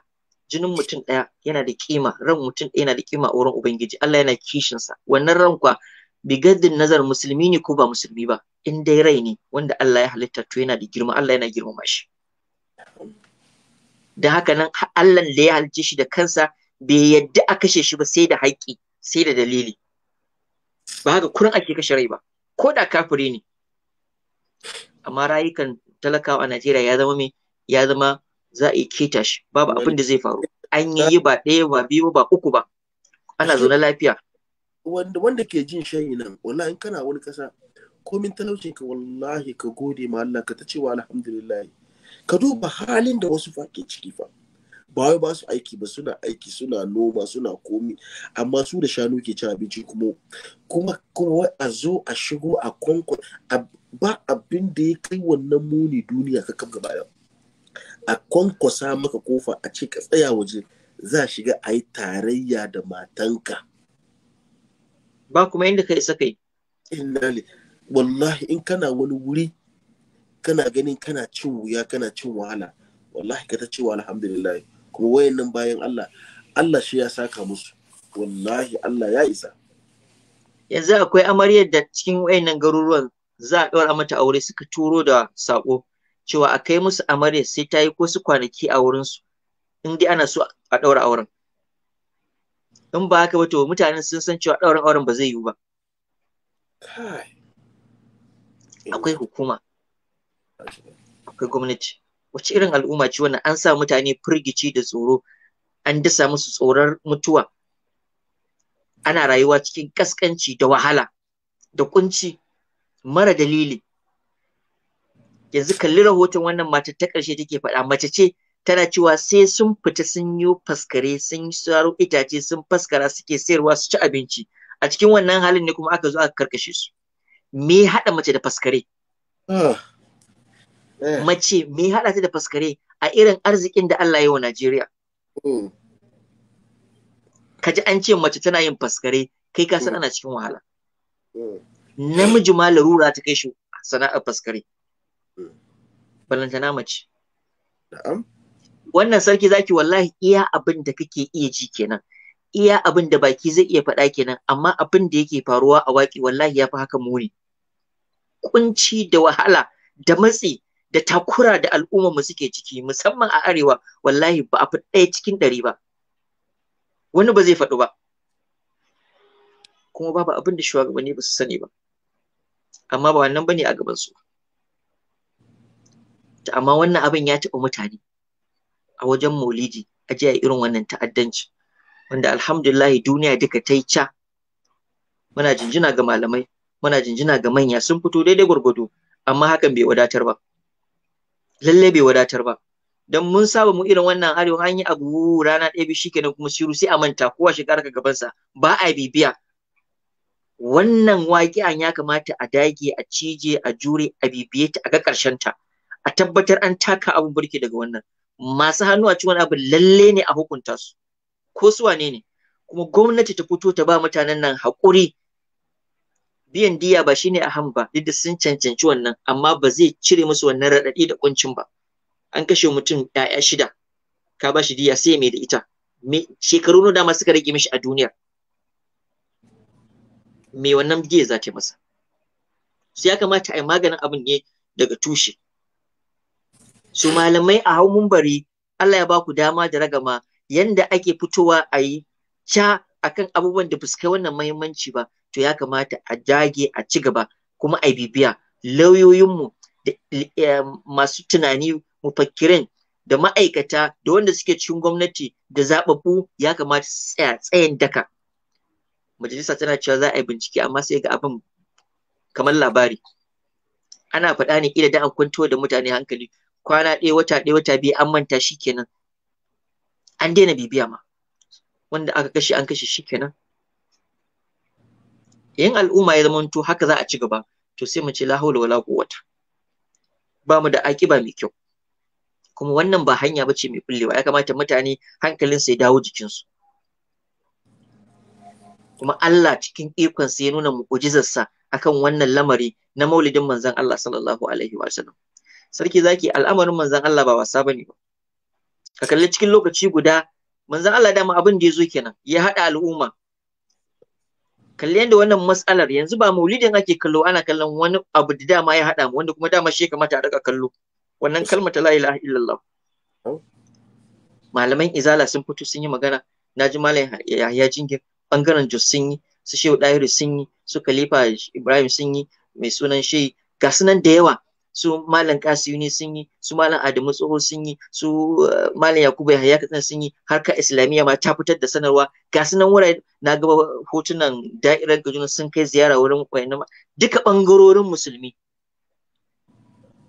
jinin mutum ɗaya yana da kima ran mutum ɗaya yana da kima a wurin ubangiji Allah yana kishinsa wannan ran kwa bigaddin nazar musulmi ne ko ba musulmi ba in dai rai ne wanda Allah ya halitta to yana da girma Allah yana girma shi da haka nan Allah da ya halice shi da kansa bai yadda a kashe shi ba sai da haƙƙi sai da dalili ba haka kurin ake kashe rai ba ko da kafiri ne amma rayukan talakawa a Najeriya ya zama me ya zama za a yi keta shi babu abin da zai faru an yi ba ɗaya ba biyu ba uku ba ana zaune lafiya wanda wanda ke jin shayi nan wallahi in kana wani kasa komin talaucin ka wallahi ka gode ma Allah ka ta cewa alhamdulillah ka duba halin da wasu fake ciki fa ba wai ba su aiki ba suna aiki suna noma suna komi amma su da shanu ke cin abinci kuma kuma kuma a zo a shigo a kwankwan ba abin da ya kai wannan muni duniya ka kam gaba a kwankwasa maka kofa a ce ka tsaya waje za shiga a yi tarayya da matanka ba kuma yadda ka isa kai innali wallahi in kana wani wuri kana ganin kana cin wuya kana cin wahala wallahi ka ta cewa alhamdulillah kuma wayannan bayan Allah Allah shi ya saka musu wallahi Allah ya isa yanzu akwai amaryar da cikin wayannan garuruwan za a ɗora mata aure suka turo da saƙo cewa a kai musu amarya sai ta yi ko su kwanaki a wurinsu in dai ana so a ɗaura auren in ba haka ba to mutanen sun san cewa ɗaurin auren ba zai yiwu ba akwai eh. hukuma akwai gwamnati wace irin al'umma ce wannan an sa mutane firgici da tsoro an dasa musu tsoron mutuwa ana rayuwa cikin kaskanci da wahala da kunci mara dalili yanzu kalli rahoton wannan mata ta ƙarshe take faɗa mace ce tana cewa sai sun fita sun yi faskare sun saro itace sun faskara suke sayarwa su ci abinci a cikin wannan halin ne kuma aka zo aka karkashe su me haɗa mace da faskare ah. eh. mace me haɗa ta da faskare a irin arzikin da Allah ya wa Najeriya hmm. kaji an ce mace tana yin faskare kai ka san hmm. ana cikin wahala hmm. namiji ma larura ta kai shi sana'ar faskare balantana mace na'am wannan sarki zaki wallahi iya abin da kake iya ji kenan iya abin da baki zai iya faɗa kenan amma abin da yake faruwa a waƙi wallahi ya fi haka muni kunci da wahala da matsi da takura da al'umma mu suke ciki musamman a arewa wallahi ba a fi ɗaya cikin ɗari ba wani ba zai faɗu ba kuma babu abin da shugabanni ba su sani ba amma ba wannan bane a gaban su amma wannan abin ya taɓa mutane a wajen maulidi a ji a irin wannan ta'addanci wanda alhamdulillahi duniya duka ta yi ca muna jinjina ga malamai muna jinjina ga manya sun fito daidai gwargwado amma hakan bai wadatar ba lallai bai wadatar ba Don mun saba mu irin wannan arewa an yi abu rana ɗaya biyu shikenan kuma shiru sai a manta kowa shekara ka gabansa ba a bibiya wannan waƙi'an ya kamata a dage a cije a jure a bibiye ta a ga ƙarshen ta a tabbatar an taka abun burki daga wannan masu hannu a cikin wani abu lalle ne a hukunta su ko su wane ne kuma gwamnati ta fito ta ba mutanen nan haƙuri biyan diya ba shine a han duk da sun cancanci wannan amma ba zai cire musu wannan raɗaɗi da kuncin ba an kashe mutum ɗaya shida ka ba shi diya sai mai da ita shekaru nuna dama suka rage mishi a duniya me wannan diya za ta masa Su ya kamata a yi maganin abin ne daga tushe su malamai a hau mumbari Allah ya ba ku dama da ragama yanda ake fitowa a yi ca akan abubuwan da fuskai wannan mahimmanci ba to ya kamata a jage a ci gaba kuma a bibiya lauyoyinmu da eh, masu tunani mufakkirin da ma'aikata da wanda suke cikin gwamnati da zaɓaɓɓu ya kamata tsaya tsayin daka majalisa tana cewa za a yi bincike amma sai ga abin kamar labari ana faɗa ne ila da an kwanto da mutane hankali kwana ɗaya wata ɗaya wata biyu an manta shi kenan an daina bibiya ma wanda aka kashe an kashe shi kenan Yin al'umma ya to haka za a ci gaba to sai mu ce la haula wala quwwata ba mu da akiba mai kyau kuma wannan ba hanya ba ce mai kullewa ya kamata mutane hankalin su ya dawo su kuma Allah cikin sa ya nuna mu'jizarsa akan wannan lamari na maulidin manzon Allah sallallahu alaihi wa sarki zaki al'amarin manzon Allah ba wasa bane ba ka kalli cikin lokaci guda manzon Allah dama abin da ya zo kenan ya haɗa al'umma kalli yadda wannan matsalar yanzu ba maulidin ake kallo ana kallon wani abu da dama ya hada mu wanda kuma dama shi kamata a daka kallo wannan kalmar ta la ilaha illallah malaman izala sun fito sun yi magana naji malam yahya jingir bangaren jos sun yi su shehu dairu sun yi su khalifa ibrahim sun yi mai sunan shehi ga sunan da yawa su malam kasiyu ne sun yi su malam adamu tsoho sun yi su eh, malam yakubu yahaya katsan sun yi harka islamiyya ma ta fitar da sanarwa ga sunan wurare na gaba hotunan da'irar gajuna sun kai ziyara wurin kwayanama duka bangarorin musulmi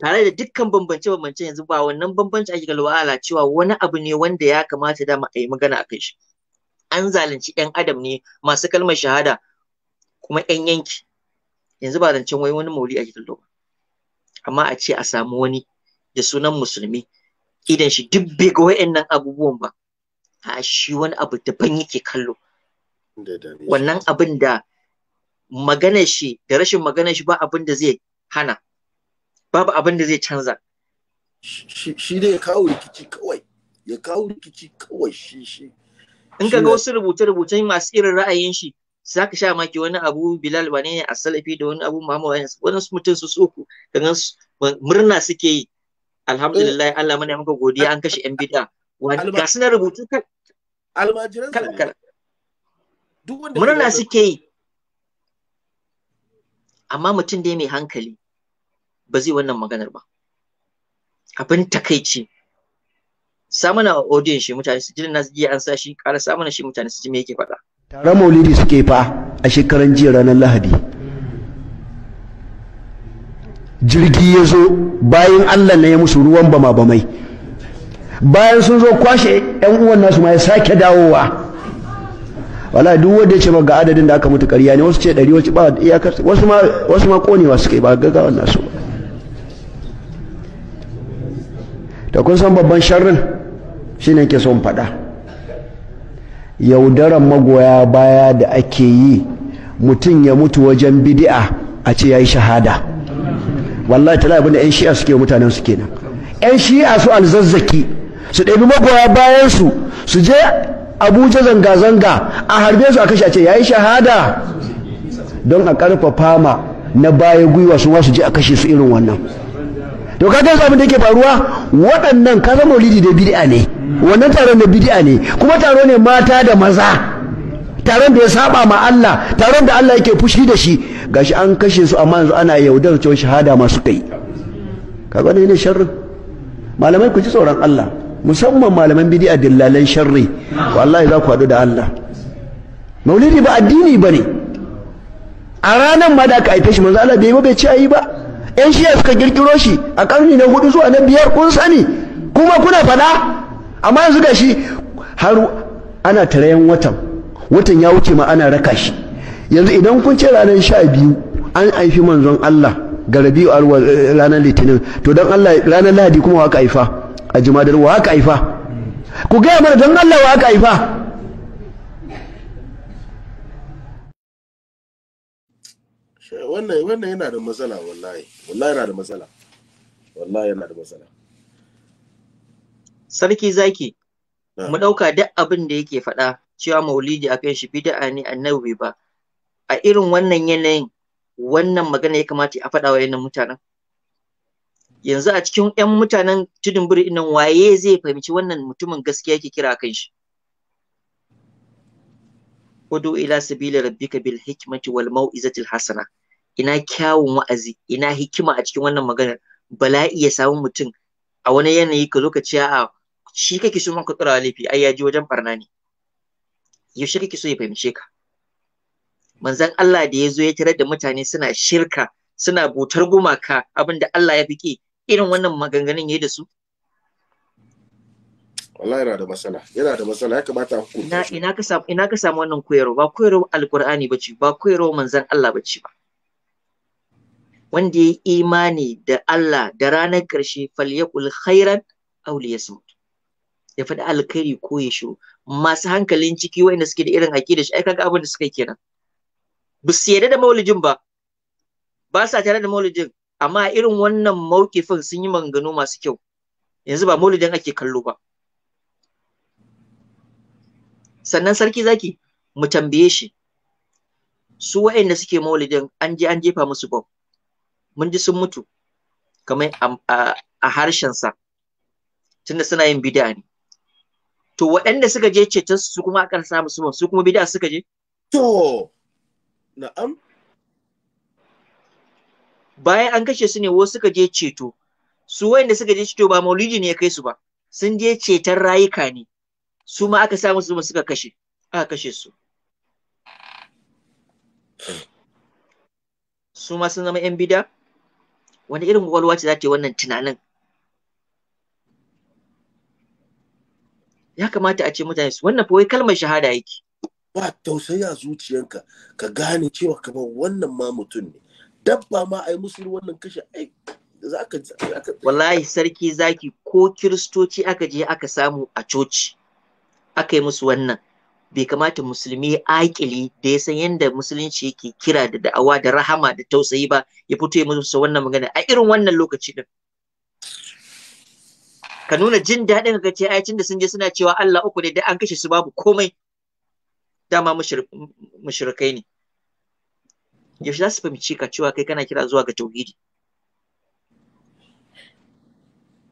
tare da dukkan bambance bambance yanzu ba wannan bambance ake ala cewa wani abu ne wanda ya kamata da a yi magana a kai shi an zalunci yan adam ne masu kalmar shahada kuma yan yanki yanzu ba zancen wai wani mauli ake kallo ba amma a ce a samu wani da sunan musulmi idan shi duk bai ga wayannan abubuwan ba a shi wani abu daban yake kallo wannan abin da magana shi da rashin magana shi ba abin da zai hana babu abin da zai canza shi dai ya kawo rikici kawai ya kawo rikici kawai shi shi in ka ga wasu rubuce-rubucen masu irin ra'ayin shi za ka sha maki wani abu bilal wane ne a salafi da wani abu mamu wani wani mutum su uku kaga murna suke yi alhamdulillah Allah muna maka godiya an kashe yan bid'a ga su na rubutu kan almajiran kala kala murna suke yi amma mutum dai mai hankali ba zai wannan maganar ba abin takaici samuna audiyon shi mutane su ji na an sa shi ƙara samuna shi mutane su ji me yake faɗa tare maulidi suke fa a shekaran jiya ranar lahadi jirgi ya zo bayan allah na ya musu ruwan bama bamai bayan sun zo kwashe yan uwan nasu ma ya sake dawowa wala duk wanda ya ce ga adadin da aka mutu ƙarya ne wasu ce ɗari wasu ba iyakar wasu ma wasu ma konewa suke ba gaggawan nasu ba da kun san babban sharrin shine ke son faɗa yaudaran magoya baya da ake yi mutum ya mutu wajen bidi'a a ce ya yi shahada wallahi tala abinda da 'yan shi'a suke mutanen su kenan 'yan shi'a su alzazzaki su ɗabi magoya bayansu, su je abuja zanga-zanga a harbe su a kashe a ce ya yi shahada don a ƙarfafa ma na baya gwiwa su wasu je a kashe su irin wannan to kaga abin da yake faruwa waɗannan kaza maulidi da bid'a ne wannan taron na bid'a ne kuma taro ne mata da maza taron da ya saba ma Allah taron da Allah yake fushi da shi gashi an kashe su amma yanzu ana yaudar cewa shahada masu kai kaga ne sharrin malamai ku ji tsoron Allah musamman malaman bid'a dillalan sharri wallahi za ku hadu da Allah maulidi ba addini bane a ranar ma da aka haife shi manzo Allah bai ba bai ci ayi ba yan shiya suka girkiro shi a karni na hudu zuwa na biyar kun sani kuma kuna fada amma yanzu gashi har ana tarayen watan watan ya wuce ma ana raka shi yanzu idan kun ce ranar sha biyu an haifi manzon Allah ga rabiu alwa eh, ranar litinin to dan Allah ranar lahadi kuma waka haifa a jumadar wa aka haifa ku gaya mana dan Allah wa aka haifa wannan yana da matsala wallahi wallahi yana da matsala wallahi yana da matsala sarki zaki ah. mu ɗauka duk abin da yake faɗa cewa maulidi a kan shi bid'a ne annabi ba a irin wannan yanayin wannan magana ya kamata a faɗa wa yanan mutanen yanzu a cikin 'yan mutanen tudun biri nan waye zai fahimci wannan mutumin gaskiya yake kira kan shi Kudu ila sabila rabbika bil hikmati wal mau'izatil hasana ina kyawun wa'azi ina hikima a cikin wannan magana. bala'i ya samu mutum a wani yanayi ka zo ka a shi kake so maka tsara laifi ai ya ji wajen barna ne yaushe kake so ya fahimce ka manzon Allah da ya zo ya tarar da mutane suna shirka suna butar gumaka abinda Allah ya fike irin wannan maganganun yayi da su wallahi yana da matsala yana da matsala ya kamata a ina ina ka samu ina ka samu wannan koyarwa ba koyarwa alqur'ani bace ba koyarwa manzon Allah bace ba wanda ya imani da Allah da ranar ƙarshe falyakul khairan aw liyasmut ya faɗi alkhairi ko ya shiru masu hankalin ciki wa'inda suke da irin da shi ai kaga abin da suka kenan ba su yarda da maulidin ba ba sa tare da maulidin amma irin wannan mawkifin sun yi maganganu masu kyau yanzu ba maulidin ake kallo ba sannan sarki zaki mu tambaye shi su wa'inda suke maulidin an je an jefa musu bom mun ji sun mutu kamar a harshen sa tunda suna yin bid'a ne to waɗanda suka je ceton su kuma aka rasa musu su kuma bid'a suka je to na'am bayan an kashe su ne wasu suka je ceto su waɗanda suka je ceto ba maulidi ne ya kai su ba sun je ceton rayuka ne su ma aka samu su suka kashe aka kashe su su ma sun zama yan bida wani irin kwakwalwa ce za ta yi wannan tunanin ya kamata a ce mutane su wannan fa wai kalmar shahada yake ba tausayi a zuciyanka ka gane cewa kamar wannan ma mutum ne dabba ma ai musu wannan kashe ai zaka wallahi sarki zaki ko kiristoci aka je aka samu a coci aka yi musu wannan bai kamata musulmi aikili da ya san yadda musulunci yake kira da da'awa da rahama da tausayi ba ya fito ya musu wannan magana a irin wannan lokaci din ka nuna jin daɗin ka ce ai tunda sun je suna cewa Allah uku ne da an kashe su babu komai dama mushrikai ne yaushe za su fahimci ka cewa kai kana kira zuwa ga tauhidi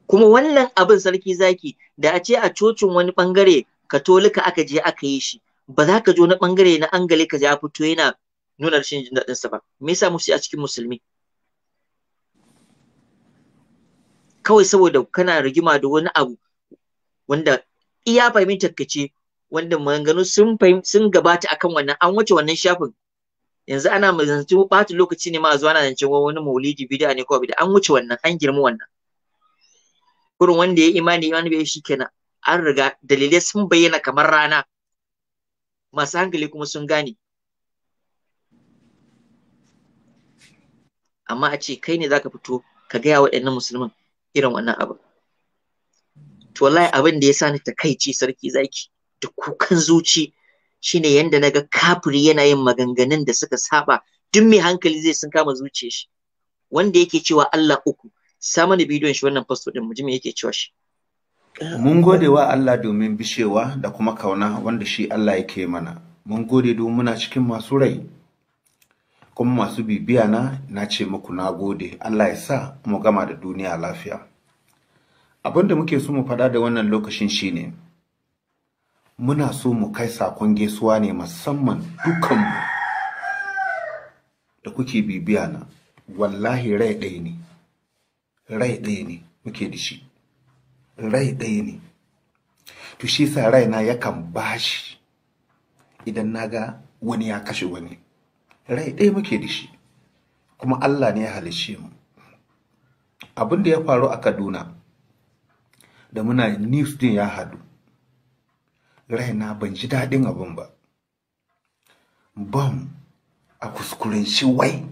kuma wannan abin sarki zaki da a ce a cocin wani bangare katolika aka je aka yi shi ba za ka zo na bangare na angale ka je a fito yana nuna rashin jin daɗinsa ba me yasa musu a cikin musulmi kawai saboda kana rigima da wani abu wanda iya fahimtar ka ce wanda maganganu sun sun gabata akan wannan an wuce wannan shafin yanzu ana zancen bata lokaci ne ma a zuwa ana zancen wani maulidi bid'a ne ko bid'a an wuce wannan an girma wannan kurin wanda ya imani imani bai shi kenan an riga dalilai sun bayyana kamar rana masu hankali kuma sun gane amma a ce kai ne zaka fito ka gaya wa ɗannan musulman irin wannan abin to wallahi abin da ya sa ni takaici sarki zaki da kukan zuci shine yanda naga kafiri yana yin maganganun da suka saba duk mai hankali zai sun kama zuciyar shi wanda yake cewa Allah uku sa mana bidiyon shi wannan fasto din mujimi yake cewa shi mun gode wa Allah domin bishewa da kuma kauna wanda shi Allah yake mana mun gode domin muna cikin masu rai kuma masu bibiya na na ce muku na gode Allah ya sa mu gama da duniya lafiya abinda muke so mu faɗa da wannan lokacin shine muna so mu kai sakon gaisuwa ne musamman dukanmu da kuke bibiya na wallahi rai ɗaya ne rai ɗaya ne muke da shi rai ɗaya ne to shi sa na yakan bashi idan naga wani ya kashe wani rai ɗaya muke da shi kuma Allah ne ya halishe mu abin da ya faru a Kaduna da muna news din ya hadu raina ban ji daɗin abin ba bam a kuskuren shi wai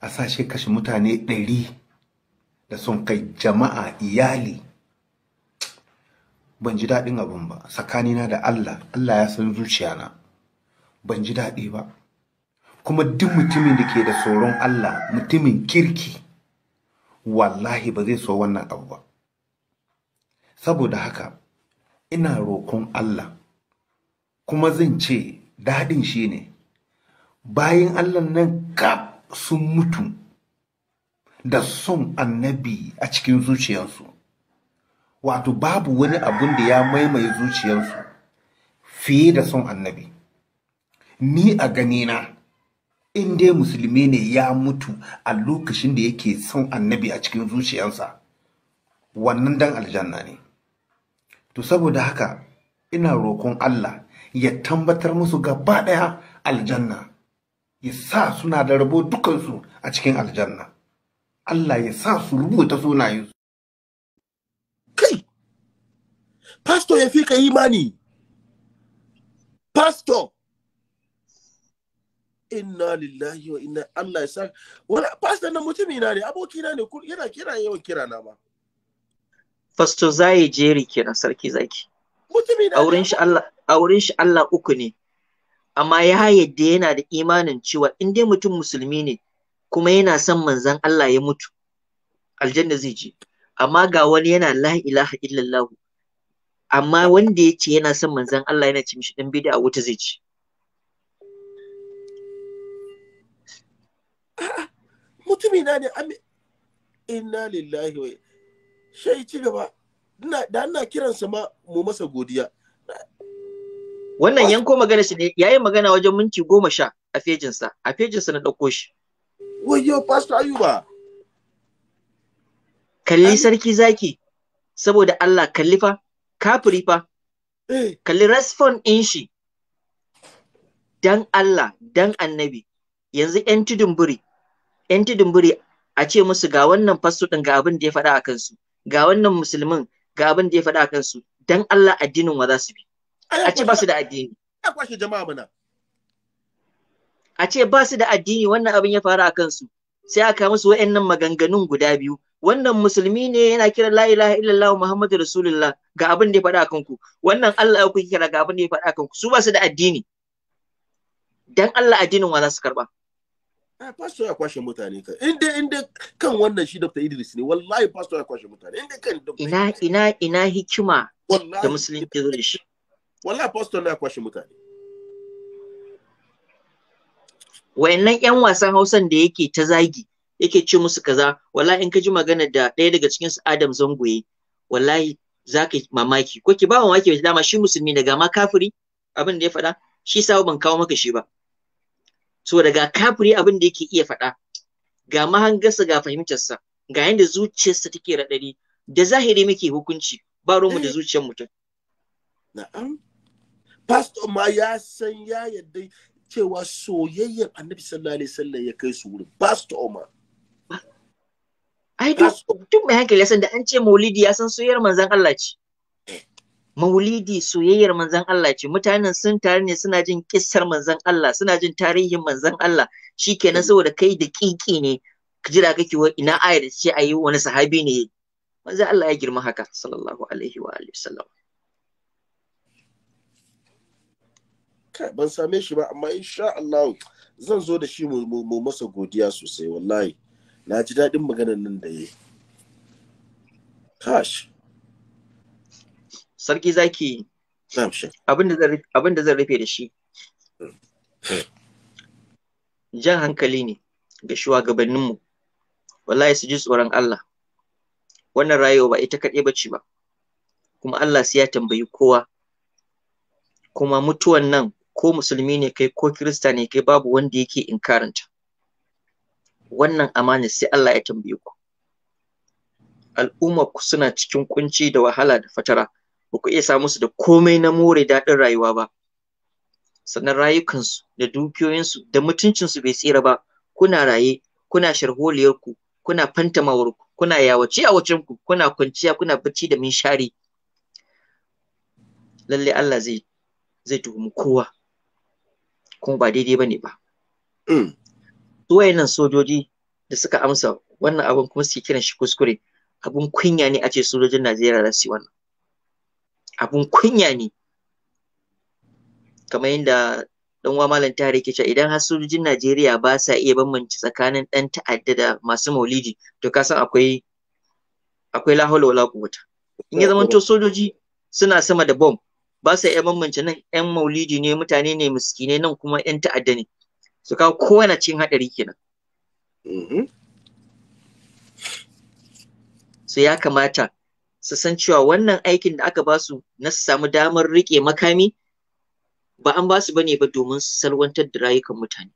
a sashe kashe mutane ɗari da sun kai jama'a iyali ban ji daɗin abin ba tsakanina da Allah Allah ya san zuciyana ban ji daɗi ba kuma duk mutumin da ke da tsoron Allah mutumin kirki wallahi ba zai so wannan abu ba saboda haka ina rokon Allah kuma zan ce daɗin shi ne bayan Allah nan ka sun mutu da son annabi a cikin zuciyarsu wato babu wani abun da ya maimai zuciyarsu fiye da son annabi ni a ganina in dai musulmi ne ya mutu a lokacin da yake son annabi a cikin zuciyarsa wannan dan aljanna ne to saboda haka ina roƙon Allah ya tambatar musu gaba ɗaya aljanna ya sa suna da rabo dukansu a cikin aljanna Allah ya sa su rubuta sunayensu kai pastor ya fi ka imani pastor inna lillahi wa inna Allah ya sa wala pastor na mutumi na ne aboki na ne yana kira yawan kira na ba pastor zai jeri kira sarki zaki mutumi na auren shi Allah auren shi Allah uku ne amma ya yadda yana da imanin cewa in dai mutum musulmi ne kuma yana son manzon Allah ya mutu aljanna zai je amma ga wani yana la ilaha illallah amma wanda ya ce yana son manzon Allah yana ce mishi dan bid'a wuta zai ci mutumi na ne inna lillahi wai shai ci gaba da ana kiransa ma mu masa godiya wannan yanko magana shi ne yayin magana wajen minti goma sha a fejinsa a fejinsa na ɗauko shi wayo pastor ayuba kalli sarki zaki saboda Allah kalli fa kafiri fa eh. kalli respond in shi dan Allah dan annabi yanzu yan tudun buri 'yan tudun a ce musu ga wannan fasto ga abin da ya faɗa a kansu ga wannan musulmin ga abin da ya faɗa a kansu dan Allah addinin wa za su bi a ce ba su da addini a ce ba su da addini wannan abin ya faru a kansu sai aka musu wa'annan maganganun guda biyu wannan musulmi ne yana kira la ilaha illallah muhammadu rasulullah ga abin da ya faɗa kanku wannan Allah ya kuke kira ga abin da ya faɗa kanku su ba su da addini dan Allah addinin wa za su karba Ah, pastor ya kwashe mutane kan. Inda inda kan wannan shi Dr. Idris ne, wallahi pastor ya kwashe mutane. Inda kan Dr. Ina ina ina hikima da musulunci zo da shi. Wallahi pastor ya kwashe mutane. Wayannan ƴan wasan Hausan da yake ta zagi, yake ce musu kaza, wallahi in ka ji magana da ɗaya daga cikin su Adam Zangoye, wallahi za ka mamaki. Ko ki ba mamaki dama shi musulmi ne ga ma kafiri abin da ya faɗa, shi sa ban kawo maka shi ba. so daga kafiri abin da yake iya faɗa ga mahangarsa ga fahimtarsa ga yadda zuciyarsa take raɗari da zahiri muke hukunci ba mu da eh. zuciyar mutum na'am pastor ma ya san ya yadda cewa soyayyar annabi sallallahu alaihi wasallam ya kai su wurin pastor ma ai duk mai hankali ya san da an ce maulidi ya san soyayyar manzon Allah ce maulidi soyayyar manzan Allah ce mutanen sun taru ne suna jin kissar manzan Allah suna jin tarihin manzan Allah shikenan mm. saboda kai da kiki ne jira kake wa ina ayar da ce ayi wani sahabi ne manzan Allah ya girma haka sallallahu alaihi wa alihi ban same shi ba amma insha Allah zan zo da shi mu masa godiya sosai wallahi na ji daɗin maganar nan da yi kash sarki zaki abin da zan rufe da shi hmm. jan hankali ne ga shugabanninmu wallahi su ji tsoron Allah wannan rayuwa ba ita kaɗai bace ba kuma Allah sai ya tambayi kowa kuma mutuwan nan ko musulmi ne kai ko kirista ne kai babu wanda yake inkaranta wannan amana sai Allah ya tambayi ku al'umma ku suna cikin kunci da wahala da fatara ba ku iya samu su da komai na more daɗin rayuwa ba sannan rayukansu da dukiyoyinsu da mutuncinsu bai tsira ba kuna raye kuna sharholiyarku kuna fantamawarku kuna yawace ku? kuna kwanciya kuna bacci da minshari lalle Allah zai zai tuhumi kowa kuma ba daidai bane ba mm. su wayannan sojoji da suka amsa wannan abin kuma suke kiran shi kuskure abin kunya ne a ce sojojin Najeriya za su wannan abun kunya ne kamar yadda dan uwa malam tare ke cewa idan har sojojin Najeriya ba sa iya bambance tsakanin dan ta'adda da masu maulidi to ka san akwai akwai la wala quwwata in ya zama to sojoji suna sama da bomb ba sa iya bambance nan yan maulidi ne mutane ne miskine nan kuma yan ta'adda ne su kawo kowane cin hadari kenan mm-hmm. so ya kamata su san cewa wannan aikin da aka ba su na su samu damar riƙe makami ba an ba su bane ba domin su salwantar da rayukan mutane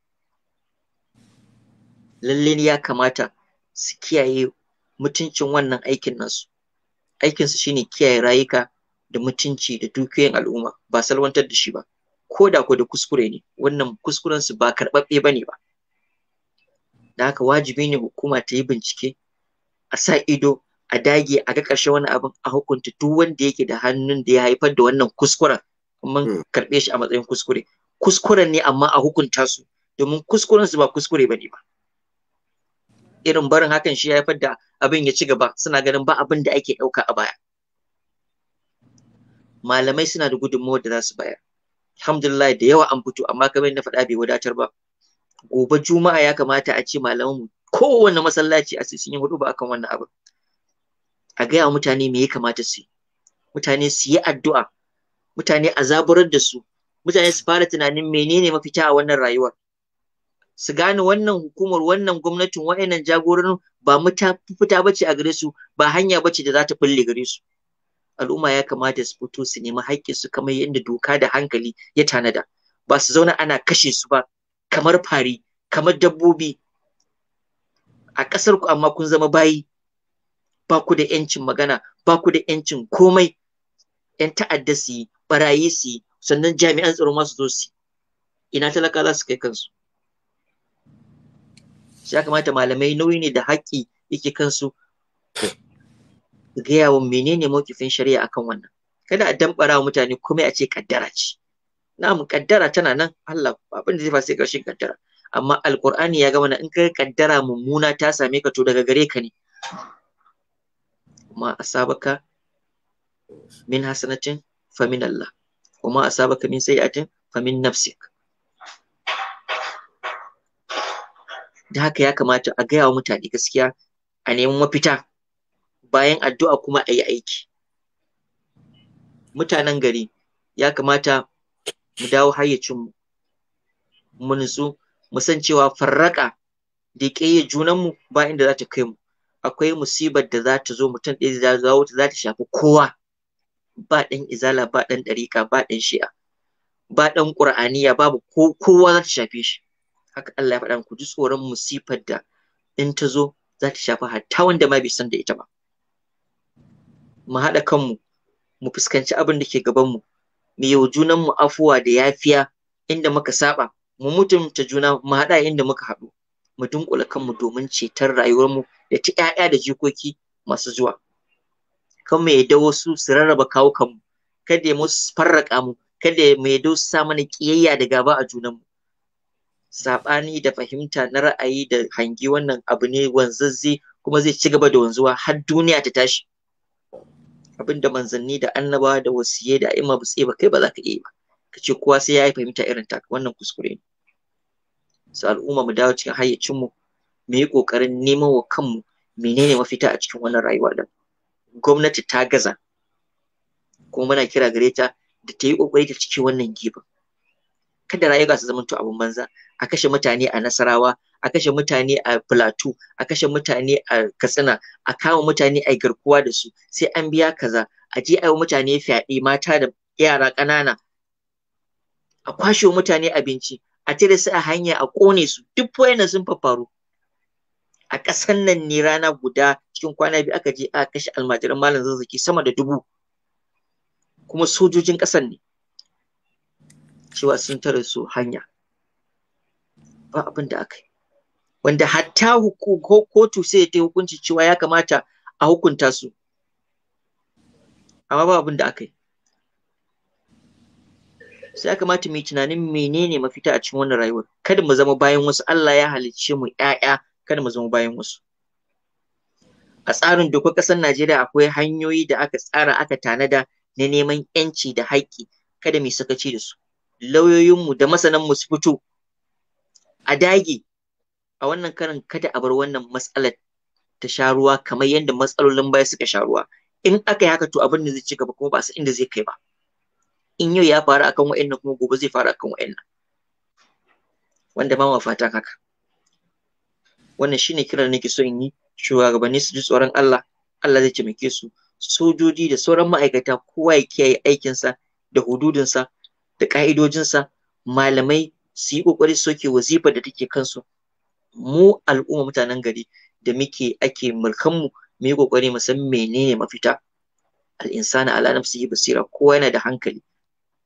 lalle ya kamata su kiyaye mutuncin wannan aikin nasu aikinsu shine kiyaye rayuka da mutunci da dukiyoyin al'umma ba salwantar da shi ba ko da ko da kuskure ne wannan su ba karɓaɓɓe ba ne ba da haka wajibi ne hukuma ta yi bincike a sa ido a dage a ga ƙarshe wani abin a hukunta duk wanda yake da hannun da ya haifar da wannan kuskuren mun hmm. karɓe shi a matsayin kuskure kuskuren ne amma a hukunta su domin kuskuren su ba kuskure bane ba irin barin hakan shi ya haifar da abin ya ci gaba suna ganin ba abin da ake ɗauka a baya malamai suna da gudunmawar da za su bayar alhamdulillah da yawa an fito amma kamar na faɗa bai wadatar ba gobe juma'a ya kamata a ce malaman mu kowanne masallaci a sun yin hudu ba akan wannan abin a gaya mutane me ya kamata su yi mutane su yi addu'a mutane a zaburar da su mutane su fara tunanin menene mafita a wannan rayuwar su gane wannan hukumar wannan gwamnatin wa'annan jagoran ba mafita bace a gare su ba hanya bace da za ta bulle gare su al'umma ya kamata su fito su nemi haƙƙin su kamar yadda doka da hankali ya tanada ba su zauna ana kashe su ba kamar fari kamar dabbobi a ƙasar ku amma kun zama bayi ba ku da ‘yancin magana, ba ku da ‘yancin komai, ‘yan ta'adda su yi, barayi su yi, sannan jami'an tsaro masu zo su ina talaka za su kai kansu. ya kamata malamai nauyi ne da haƙƙi yake kansu gaya wa menene mawkifin shari'a akan wannan. Kada a dambara wa mutane komai a ce kaddara ce. Na'am kaddara tana nan Allah abin da zai fasa ƙarshen kaddara. Amma Alƙur'ani ya ga mana in ka kaddara mummuna ta same ka to daga gare ka ne. a asabaka min hasanatin fa min Allah kuma a asabaka min sayyi'atin fa min nafsik da haka ya kamata a gaya wa mutane gaskiya a neman mafita bayan addu'a kuma a yi aiki mutanen gari ya kamata mu dawo hayyacinmu mu nutsu mu san cewa farraka da junanmu ba inda za ta kai mu akwai musibar da za ta zo mutum ɗaya za ta za ta shafi kowa ba ɗan izala ba ɗan ɗariƙa ba ɗan shi'a ba ɗan ƙur'aniya babu kowa za ta shafe shi haka Allah ya faɗa ku ji tsoron musibar da in ta zo za ta shafi hatta wanda ma bai san da ita ba mu haɗa kanmu mu fuskanci abin da ke gabanmu mu yi junanmu afuwa da yafiya inda muka saba mu mutunta juna mu haɗa inda muka haɗu mu dunkule kanmu domin ceton rayuwarmu da ta ƴaƴa da jikoki masu zuwa kan mu yadda wasu su rarraba kawo kanmu kada ya musu farraka mu kada mu yadda su sa mana kiyayya da gaba a junanmu saɓani da fahimta na ra'ayi da hangi wannan abu ne wanzazze kuma zai ci gaba da wanzuwa har duniya ta tashi abinda manzanni da annabawa da Wasiye da a'imma ba su kai ba za ka iya ba kace kowa sai ya yi fahimta irin ta, wannan kuskure ne su al'umma mu dawo cikin hayyacin mu mu yi kokarin neman wa kanmu menene mafita a cikin wannan rayuwa din gwamnati ta gaza kuma muna kira gare ta da ta yi kokari ta cikin wannan giba. kada rayuwa su zamanto abin banza a kashe mutane a nasarawa a kashe mutane a plateau a kashe mutane a katsina a kama mutane a garkuwa da su sai an biya kaza a je a yi mutane fyaɗe mata da yara ƙanana a kwashe mutane abinci a cire su a hanya a ƙone su duk wayannan sun faru a ƙasar nan ne rana guda cikin kwana biyu aka je aka kashe almajiran malam zazzaki sama da dubu kuma sojojin ƙasan ne cewa sun tare su hanya ba abin da aka yi wanda hatta kotu sai ta hukunci cewa ya kamata a hukunta su amma ba abin da aka yi sai ya kamata mu yi tunanin menene mafita a cikin wannan rayuwar kada mu zama bayan wasu Allah ya halicce mu ƴaƴa kada mu zama bayan wasu a tsarin dokar ƙasar Najeriya akwai hanyoyi da aka tsara aka tanada na neman ƴanci da haƙƙi kada mu sakaci da su lauyoyinmu da masananmu su fito a dage a wannan karin kada a bar wannan matsalar ta sha ruwa kamar yadda matsalolin baya suka sha ruwa in aka yi haka to abin da zai ci gaba kuma ba su inda zai kai ba in yau ya faru akan wa'annan kuma gobe zai faru akan wa'annan wanda ba fatan haka wannan shine kiran nake so in yi shugabanni su ji tsoron Allah Allah zai taimake su sojoji da sauran ma'aikata kowa ya kiyaye aikinsa da hududinsa da ka'idojinsa malamai su yi kokari su soke wazifar da take kansu mu al'umma mutanen gari da muke ake mulkanmu mu yi kokari mu san menene mafita al'insana ala nafsihi basira kowa yana da hankali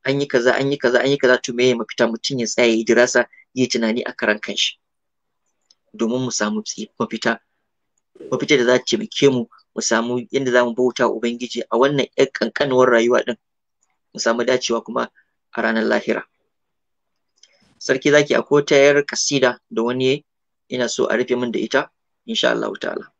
an yi kaza an yi kaza an yi kaza to meye mafita mutum ya tsaya ya dirasa yi tunani a karan kanshi domin mu samu mafita mafita da za ta taimake mu mu samu yadda za mu bauta ubangiji a wannan 'yan kankanuwar rayuwa din mu samu dacewa kuma a ranar lahira sarki zaki akwai tayar 'yar kasida da wani ina so a rufe min da ita insha Allah ta'ala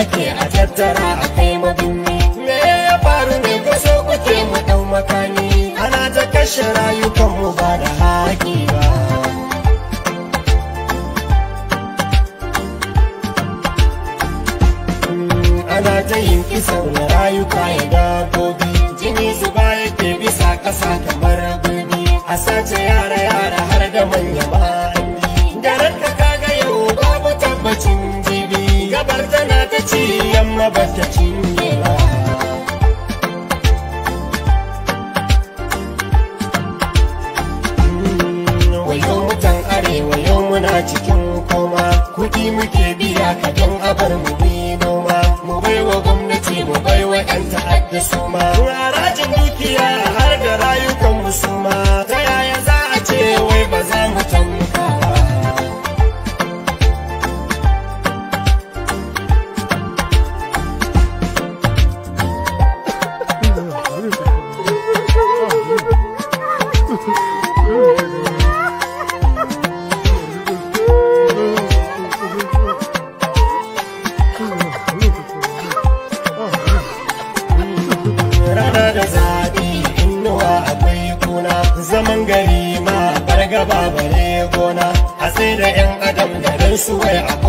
ake a tattara a kai mabinni me ya faru ne ka so kuke mu dau makani ana ta kashe rayukan mu ba da haƙi ba ana ta yin kisa na rayuka ya dabbobi jini su ba yake bisa ƙasa kamar gobe. a sace yara yara har da manya ba da ranka kaga yau babu tabbacin jibi gabar tana ci yamma ba ta ci ba mm, mutan arewa yau muna cikin koma kuɗi muke biya ka don abar mu bi noma mu baiwa gwamnati mu baiwa 'yan ta'adda su ma harajin dukiya har da rayu Rana da zaɓi innuwa akwai kuna zaman gari ma fargaba bare gona a sai da 'yan adam garin su wai akwai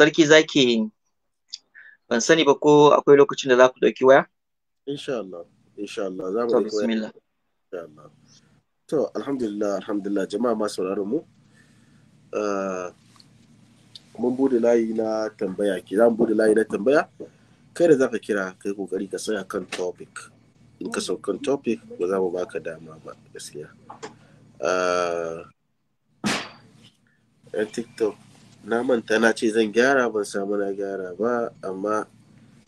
sarki zaki ban sani ba ko akwai lokacin da za ku ɗauki waya? Insha Allah, insha Allah, za mu ɗauki waya. To, alhamdulillah, alhamdulillah, jama'a ma sauraron mu. Ah, mun bude layi na tambaya, ki za mu bude layi na tambaya. Kai da za ka kira kai kokari ka saya kan topic. In ka sau kan topic, ba za mu baka dama ba, gaskiya. Ah, yan TikTok na manta na ce zan gyara ban samu na gyara ba amma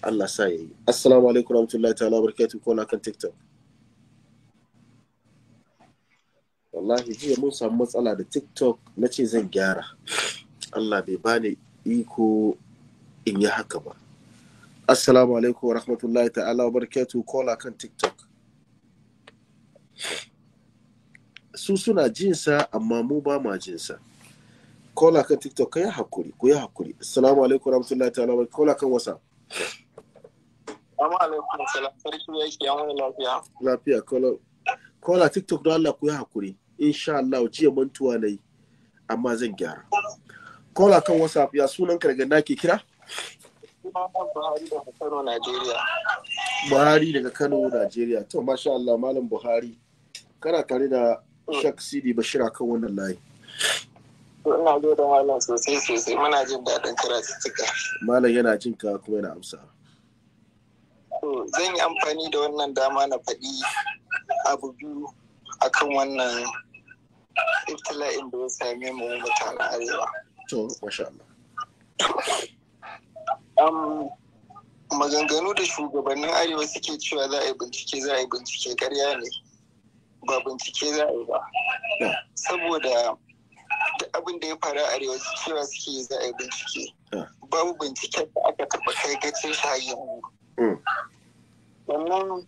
Allah sa ya yi assalamu alaikum warahmatullahi ta'ala barkatu ko na kan tiktok wallahi jiya mun samu matsala da tiktok na ce zan gyara Allah bai bani iko in yi haka ba assalamu alaikum warahmatullahi ta'ala barkatu ko na kan tiktok su suna jinsa amma mu ba ma jinsa kola kan tiktok ka yi hakuri ku yi hakuri assalamu alaikum rahmatullahi ta'ala wa kola kan wasa lafiya kola kola tiktok don Allah ku yi hakuri insha Allah jiya mantuwa yi amma zan gyara kola kan whatsapp ya sunan karga na ke kira Buhari daga Kano, Najeriya. To, masha Allah, Malam Buhari. Kana tare da mm. Shak Sidi Bashira kan wannan layi. ina je da malam sosai sosai muna jin daɗin karatuttuka malam yana jin ka kuma yana amsa zan yi amfani da wannan dama na faɗi abu biyu akan wannan ibtila'in da ya same mu mutanen arewa to masha Allah maganganu da shugabannin arewa suke cewa za a yi bincike za a yi bincike karya ne ba bincike za a yi ba saboda Da abin da ya faru a arewa cewa suke za a yi bincike ah. babu binciken da aka taɓa kai gacin shayin hmm. wannan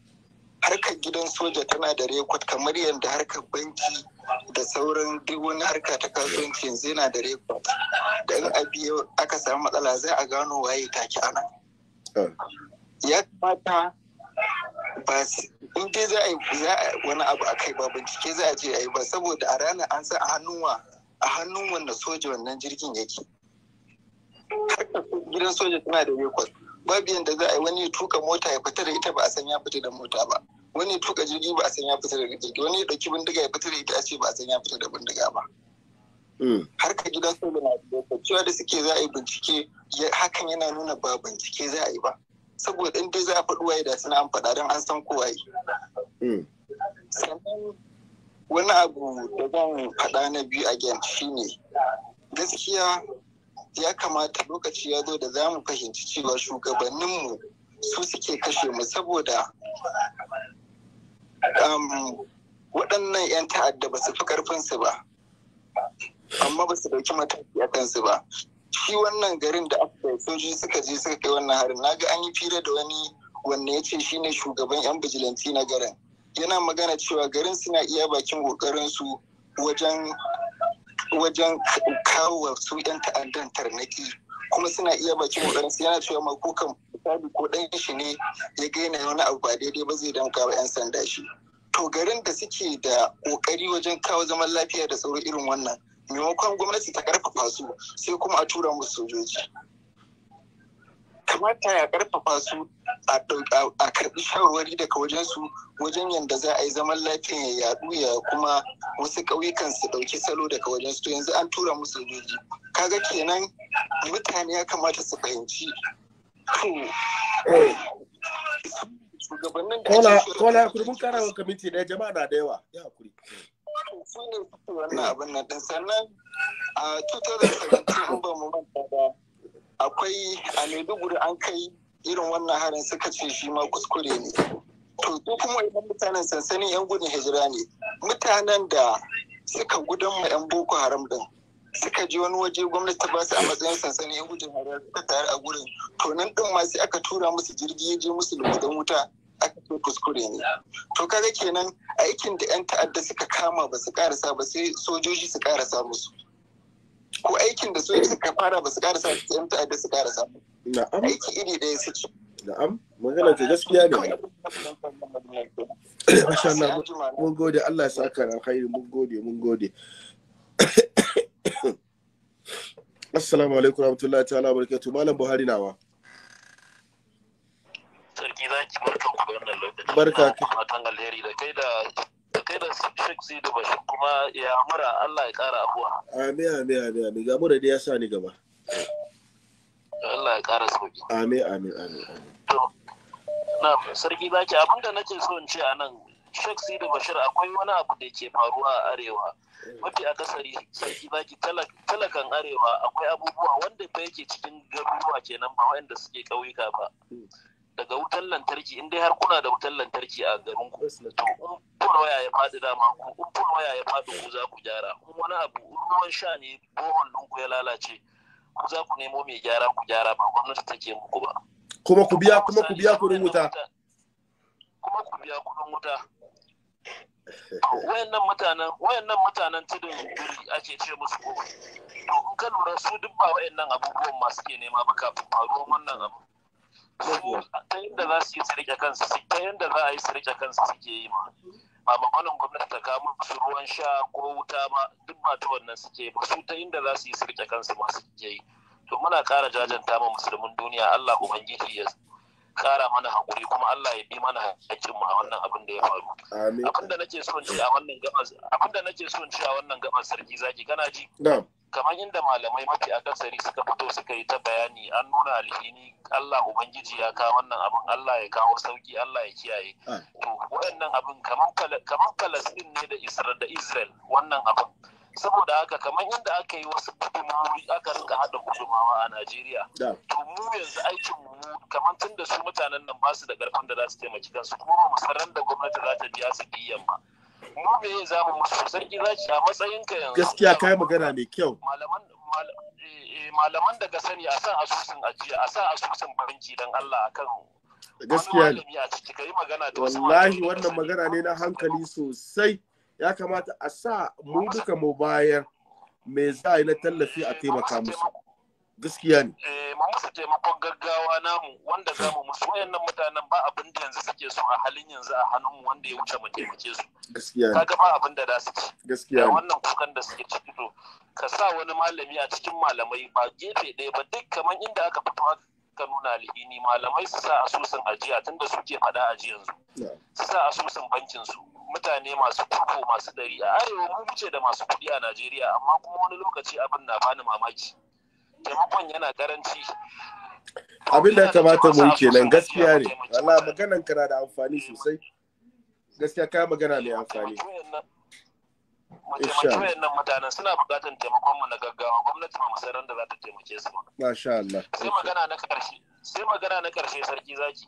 harkar gidan soja tana da rekod kamar yadda harkar banki da sauran duk wani harka ta kasuwanci yanzu yana da rekod da in abi aka samu matsala zai a gano waye take ana ah. ya kamata ba in dai za a yi wani abu a kai ba bincike za a je a yi ba saboda a ranar an sa a hannuwa a hannun wanda soja wannan jirgin yake gidan soja tana da rekod babu yadda za a yi wani tuka mota ya fita da ita ba a san ya fita da mota ba wani tuka jirgi ba a san ya fita da jirgi wani ya dauki bindiga ya fita da ita a ce ba a san ya fita da bindiga ba hmm. ka gidan soja na da cewa da suke za a yi bincike hakan yana nuna ba bincike za a yi ba saboda in dai za a faɗi waye da suna an faɗa don an san kowa yi hmm. sannan wani abu da zan faɗa na biyu a shi shine gaskiya ya kamata lokaci ya zo da za mu fahimci cewa shugabanninmu su suke kashe mu saboda um, waɗannan 'yan ta'adda ba su fi ƙarfinsu ba amma ba su ɗauki mataki a kansu ba shi wannan garin da aka soji suka je suka kai wannan harin na ga an yi fira da wani wanne ya ce shine shugaban 'yan bijilanti na garin yana magana cewa garin suna iya bakin kokarin su wajen wajen kawo su yan ta'addan tarnaki kuma suna iya bakin kokarin su yana cewa makokan misali ko dan shi ne ya gaina wani abu ba daidai ba zai danka yan sanda shi to garin da suke da kokari wajen kawo zaman lafiya da tsaro irin wannan maimakon gwamnati ta karfafa su sai kuma a tura musu sojoji kamata ya karfafa su a karbi shawarwari daga wajen su wajen yadda za a yi zaman lafiya ya yadu ya kuma wasu ƙauyukan su ɗauki salo daga wajen su yanzu an tura musu sojoji kaga kenan mutane ya kamata su fahimci eh. shugabannin da kola kurmun wa kamiti ɗaya jama'a na da yawa ya kuri su wannan abin nan sannan a 2017 an ba mu manta ba akwai a maiduguri an kai irin wannan harin suka ce shi ma kuskure ne to su kuma idan mutanen sansanin yan gudun hijira ne mutanen da suka gudan ma yan boko haram din suka je wani waje gwamnati ta su a matsayin sansanin yan gudun hijira suka tare a gurin to nan din ma sai aka tura musu jirgi ya je musu lugudan wuta aka ce kuskure ne to kaga kenan aikin da yan ta'adda suka kama ba su karasa ba sai sojoji su karasa musu ko aikin da su suka fara ba su karasa yan ta'adda su karasa na'am aiki iri ɗaya ce. na'am magana ta gaskiya ne masha Allah mun gode Allah ya saka ran khairi mun gode mun gode assalamu alaikum warahmatullahi ta'ala barakatuh malam buhari nawa sarki zaki barka ku wannan lokaci barka ka matan alheri da kai da sai da zai da bashi kuma ya mura Allah ya kara abuwa. Amin amin amin amin ga mura da ya sa ni gaba. Allah ya kara sauki. Amin amin amin. To na sarki ki abin da nake so in ce a nan Sheikh Sidi Bashir akwai wani abu da ke faruwa a arewa. Mafi akasari sarki ki talakan arewa akwai abubuwa wanda fa yake cikin garuruwa kenan ba wanda suke ƙauyuka ba. daga wutar lantarki in dai har kuna da wutar lantarki a garin ku to in waya ya faɗi dama ku in waya ya faɗi ku za ku gyara in wani abu ruwan sha ne bohon ɗinku ya lalace ku za ku nemo mai gyara ku gyara ba gwamnati take muku ba kuma ku biya kuma ku biya kuɗin wuta kuma ku biya kuɗin wuta wayannan mutanen wayannan mutanen tudun guri ake ce musu ko to in ka lura su duk ba wayannan abubuwan masu ke nema ba kafin faruwar wannan abu ta yadda za su yi su rike kansu ta yadda za a yi su kansu suke yi ma ba maganin gwamnati ta kama su ruwan sha ko wuta ma duk ba ta wannan suke ba su ta yadda za su yi su kansu ma suke yi to muna ƙara jajanta ma musulmin duniya Allah ubangiji ya kara mana hakuri kuma Allah ya bi mana hakkin mu a wannan abin da ya faru abin da nake son ci a wannan gabas abin da nake son ci a wannan gabas sarki zaki kana ji kamar inda malamai mafi akasari suka fito suka yi ta bayani an nuna alhini Allah ubangiji ya kawo wannan abin Allah ya kawo sauki Allah ya kiyaye to waɗannan abin kamar Falastin ne da Israel da Israel wannan abin saboda haka kamar yadda aka yi wasu gudunmawa aka rinka haɗa gudunmawa a Najeriya to mu yanzu aikin mu kamar tun da su mutanen nan ba su da ƙarfin da za su taimaki kansu kuma ba mu san da gwamnati za ta biya su biyan ba mu me za mu musu sarki zaki a matsayin ka yanzu gaskiya kai magana mai kyau malaman eh, eh, malaman daga sani a sa asusun ajiya a sa asusun banki dan Allah a kan gaskiya ne wallahi wannan magana ne na hankali sosai ya kamata a sa mu duka mu bayar me za a yi na tallafi a taimaka musu gaskiya ne eh, mu musu taimakon gaggawa namu wanda za mu musu wayannan mutanen ba abin da yanzu suke so a halin yanzu a hannun wanda ya wuce mu taimake su gaskiya ne kaga ba abin da za su ci gaskiya ne wannan kukan da suke ciki to ka sa wani malami a cikin malamai ba gefe ɗaya ba duk kamar inda aka fito ka nuna alhini malamai su sa asusun ajiya tunda suke faɗa a su sa asusun bankin su mutane masu kurko masu dari a arewa mu muce da masu kuɗi a najeriya amma kuma wani lokaci abin na bani mamaki taimakon yana karanci abin da ya kamata mu yi kenan gaskiya ne Allah maganan kana da amfani sosai gaskiya ka magana mai amfani mataimakin wayannan mutanen suna buƙatar taimakon mu na gaggawa gwamnati ba mu da za ta taimake su ba masha Allah sai magana na ƙarshe sai magana na karshe sarki zaki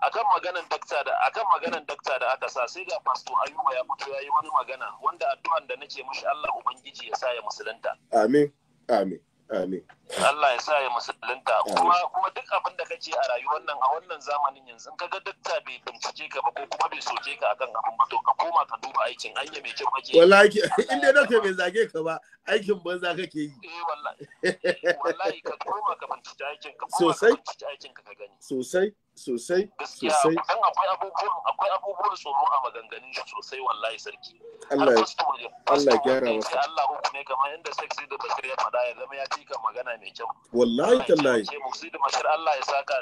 akan maganan dakta da akan maganan dakta da aka sa sai ga pasto ayuba ya fito yayi wani magana wanda addu'an da nake mishi Allah ubangiji ya sa ya musulunta amin amin Amin. Allah ya sa ya musulunta kuma kuma duk abin da kace a rayuwar nan a wannan zamanin yanzu ka ga dakta bai bincike ka ba ko kuma bai soke ka akan abin ba to ka koma ka duba aikin anya mai kyau kake wallahi in dai dakta bai zage ka ba aikin banza kake yi eh wallahi eh, wallahi ka koma ka bincike aikin ka sosai aikin ka ka gani sosai sosai sosai akwai abubuwan akwai abubuwan tsoro a maganganun shi sosai wallahi sarki Allah Allah gyara masa Allah uku ne kamar yanda sexy da bashir ya fada ya zama ya tika magana mai kyau wallahi tallahi sai da bashir Allah ya saka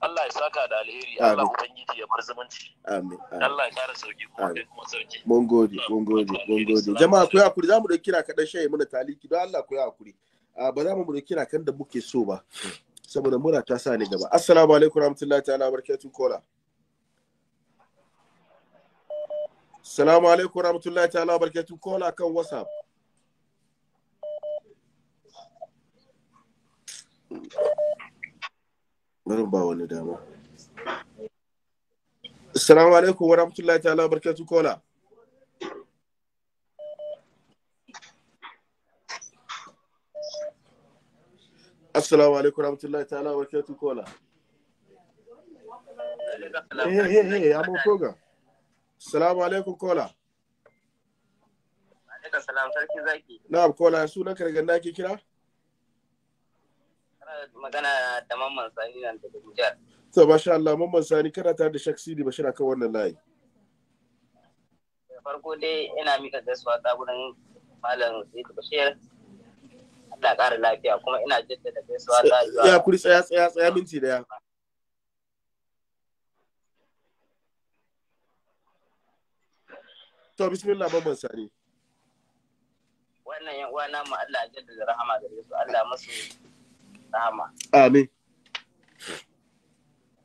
Allah ya saka da alheri Allah ubangiji ya bar zumunci amin Allah ya kara sauki kuma sarki mun gode mun gode mun gode jama'a ku hakuri zamu dauki kira kadan shaye mana taliki don Allah ku hakuri ah, ba za mu mu kira kan da muke so ba saboda mura ta sa ni gaba assalamu alaikum rahmatullahi ta'ala barkatun kola assalamu alaikum rahmatullahi ta'ala barkatun kola kan whatsapp bari ba wani dama assalamu alaikum wa rahmatullahi ta'ala barkatun kola assalamu alaikum rahmatullahi ta'ala wa kyautu kola eh hey, I'm on program. assalamu alaikum kola alaikum salam sarki zaki na'am kola sunan ka daga kira magana da mamman sani nan daga Nijar to masha Allah mamman sani kana tare da shaksi ne bashira kan wannan layi farko dai ina mika gaisuwa ta gurin malam Sidi Bashir Allah ƙara lafiya kuma ina jaddada gaisuwa ta Ya kuri tsaya tsaya tsaya minti ya. To bismillah babban sani. Wannan yan uwana mu Allah jaddada rahama da su Allah musu rahama. Amin.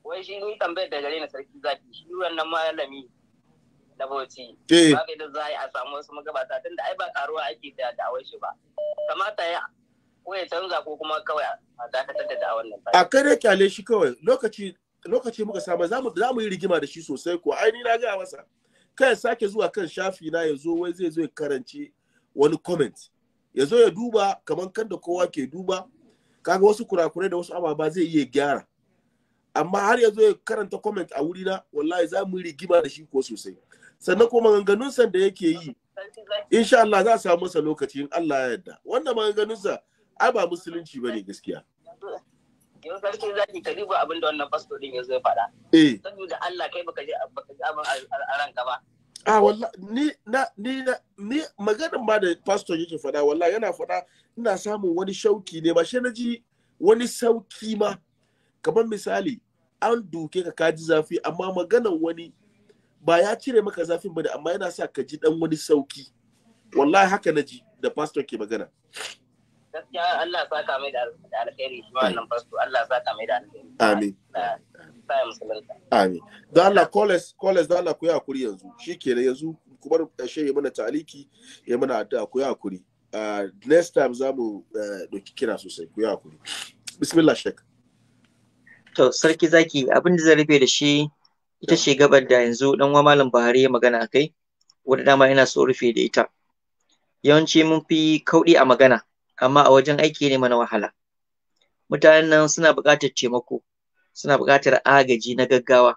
Wai shi ni tambayar da gare na sarki zaki shi wannan malami na bauchi eh. ba da za a samu wasu magabata tunda ai ba karuwa ake da dawai shi ba kamata ya ya canza ko kuma kawai a dakatar da wannan a kai da kyale shi kawai lokaci lokaci muka samu za mu yi rigima da shi sosai ko ai ni na gaya masa kai ya sake zuwa kan shafi na ya zo wai zai zo ya karanci wani comment ya zo ya duba kamar kan da kowa ke duba kaga wasu kurakurai da wasu ababa zai iya gyara amma har ya zo ya karanta comment a wuri na wallahi za mu rigima da shi ko sosai sannan kuma maganganun san da yake yi insha Allah za a samu masa lokaci in Allah ya yarda wannan maganganun sa ai ba musulunci bane gaskiya yanzu sarkin zaki ka duba abin da wannan pastor din yanzu ya faɗa eh saboda Allah kai baka je baka ji abin a ranka ba a ah, walla ni na ni na ni maganin ma da pastor yake faɗa walla yana faɗa ina samun wani shauki ne ba shi na ji wani sauki ma kamar misali an duke ka kaji zafi amma maganar wani ba ya cire maka zafin ba da amma yana sa ka ji dan wani sauki wallahi haka na ji da pastor ke magana gaskiya Allah saka mai da alkhairi shi wannan fasto Allah saka mai da alkhairi amin amin don Allah koles koles don Allah ku yi hakuri yanzu shikenan yanzu kuma bar eh, ya mana taliki ya mana addu'a ku yi hakuri ah, next time za mu eh, ɗauki kira sosai ku yi hakuri bismillah shek to sarki zaki abin da zai rufe da shi ita ce gabar da yanzu ɗan wa malam Buhari ya magana kai wadda dama yana so rufe da ita yawanci mun fi kauɗi a magana amma a wajen aiki ne mana wahala mutanen nan suna buƙatar taimako suna buƙatar agaji na gaggawa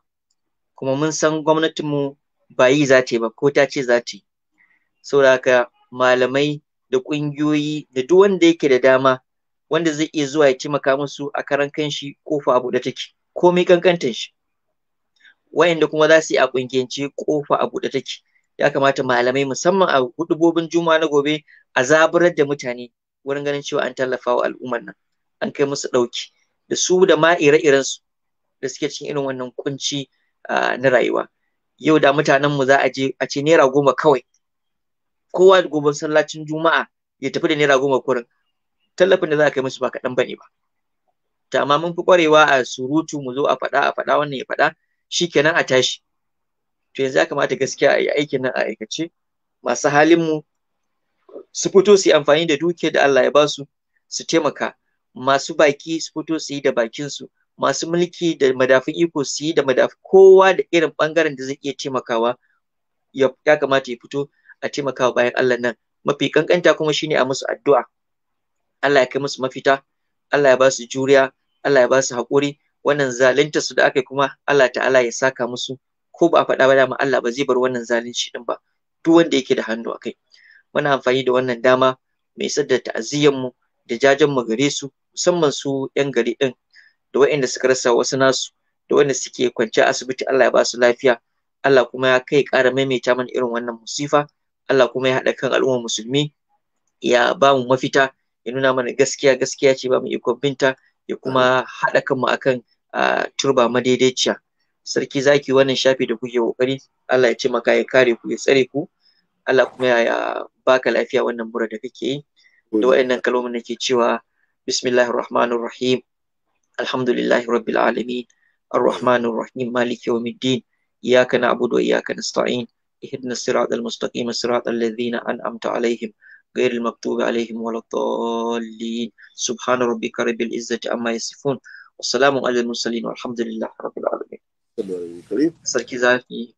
kuma mun san gwamnatinmu ba yi za ta yi ba ko ta ce za ta saboda haka malamai da ƙungiyoyi da duk wanda yake da dama wanda zai iya zuwa ya taimaka musu a karan kanshi kofa a buɗe take komai kankantar shi wayanda kuma za su yi a ƙungiyance kofa a buɗe take ya kamata malamai musamman a hudubobin juma'a na gobe a zaburar da mutane wurin ganin cewa an tallafa wa al'ummar nan an kai musu ɗauki da su da ma ire-iren su da suke cikin irin wannan kunci na rayuwa yau da mutanen mu za a je a ce naira goma kawai kowa da gobe sallacin juma'a ya tafi da naira goma kurin tallafin da za a kai musu ba kaɗan bane ba ta amma mun fi ƙwarewa a surutu mu zo a faɗa a faɗa wannan ya faɗa Shi kenan a tashi to yanzu ya kamata gaskiya a yi aikin nan a aikace masu halin mu su fito su yi amfani da dukiyar da Allah ya ba su su taimaka masu baki su fito su yi da bakin su masu mulki da madafin iko su yi da madafin kowa da irin bangaren da zai iya taimakawa ya kamata ya fito a taimakawa bayan Allah nan mafi kankanta kuma shine a musu addu'a Allah ya kai musu mafita Allah ya ba su juriya Allah ya ba su haƙuri wannan zalunta su da aka kuma Allah ta'ala ya saka musu ko ba a faɗa ba dama Allah ba zai bar wannan zalunci din ba duk wanda yake da hannu a kai muna amfani da wannan dama mu isar da mu da jajen mu gare su musamman su 'yan gari ɗin da waɗanda suka rasa wasu nasu da waɗanda suke kwance asibiti Allah ya ba su lafiya Allah kuma ya kai ƙara maimaita mana irin wannan musifa Allah kuma ya haɗa kan al'ummar musulmi ya ba mu mafita ya nuna mana gaskiya gaskiya ce ba mu ikon binta ya kuma haɗa kanmu akan turba madaidaiciya sarki zaki wannan shafi da kuke kokari Allah ya ce maka ya kare ku ya tsare ku Allah kuma ya baka lafiya wannan mura da kake yi da hmm. waɗannan kalmomin nake cewa bismillahir rahmanir rahim alhamdulillahi rabbil alamin arrahmanir rahim maliki yawmiddin iyyaka na'budu wa iyyaka nasta'in ihdina siratal mustaqim siratal ladzina an'amta alaihim غير المكتوب عليهم ولا الضالين سبحان ربك رب العزة عما يصفون والسلام على المرسلين والحمد لله رب العالمين. sarki zafi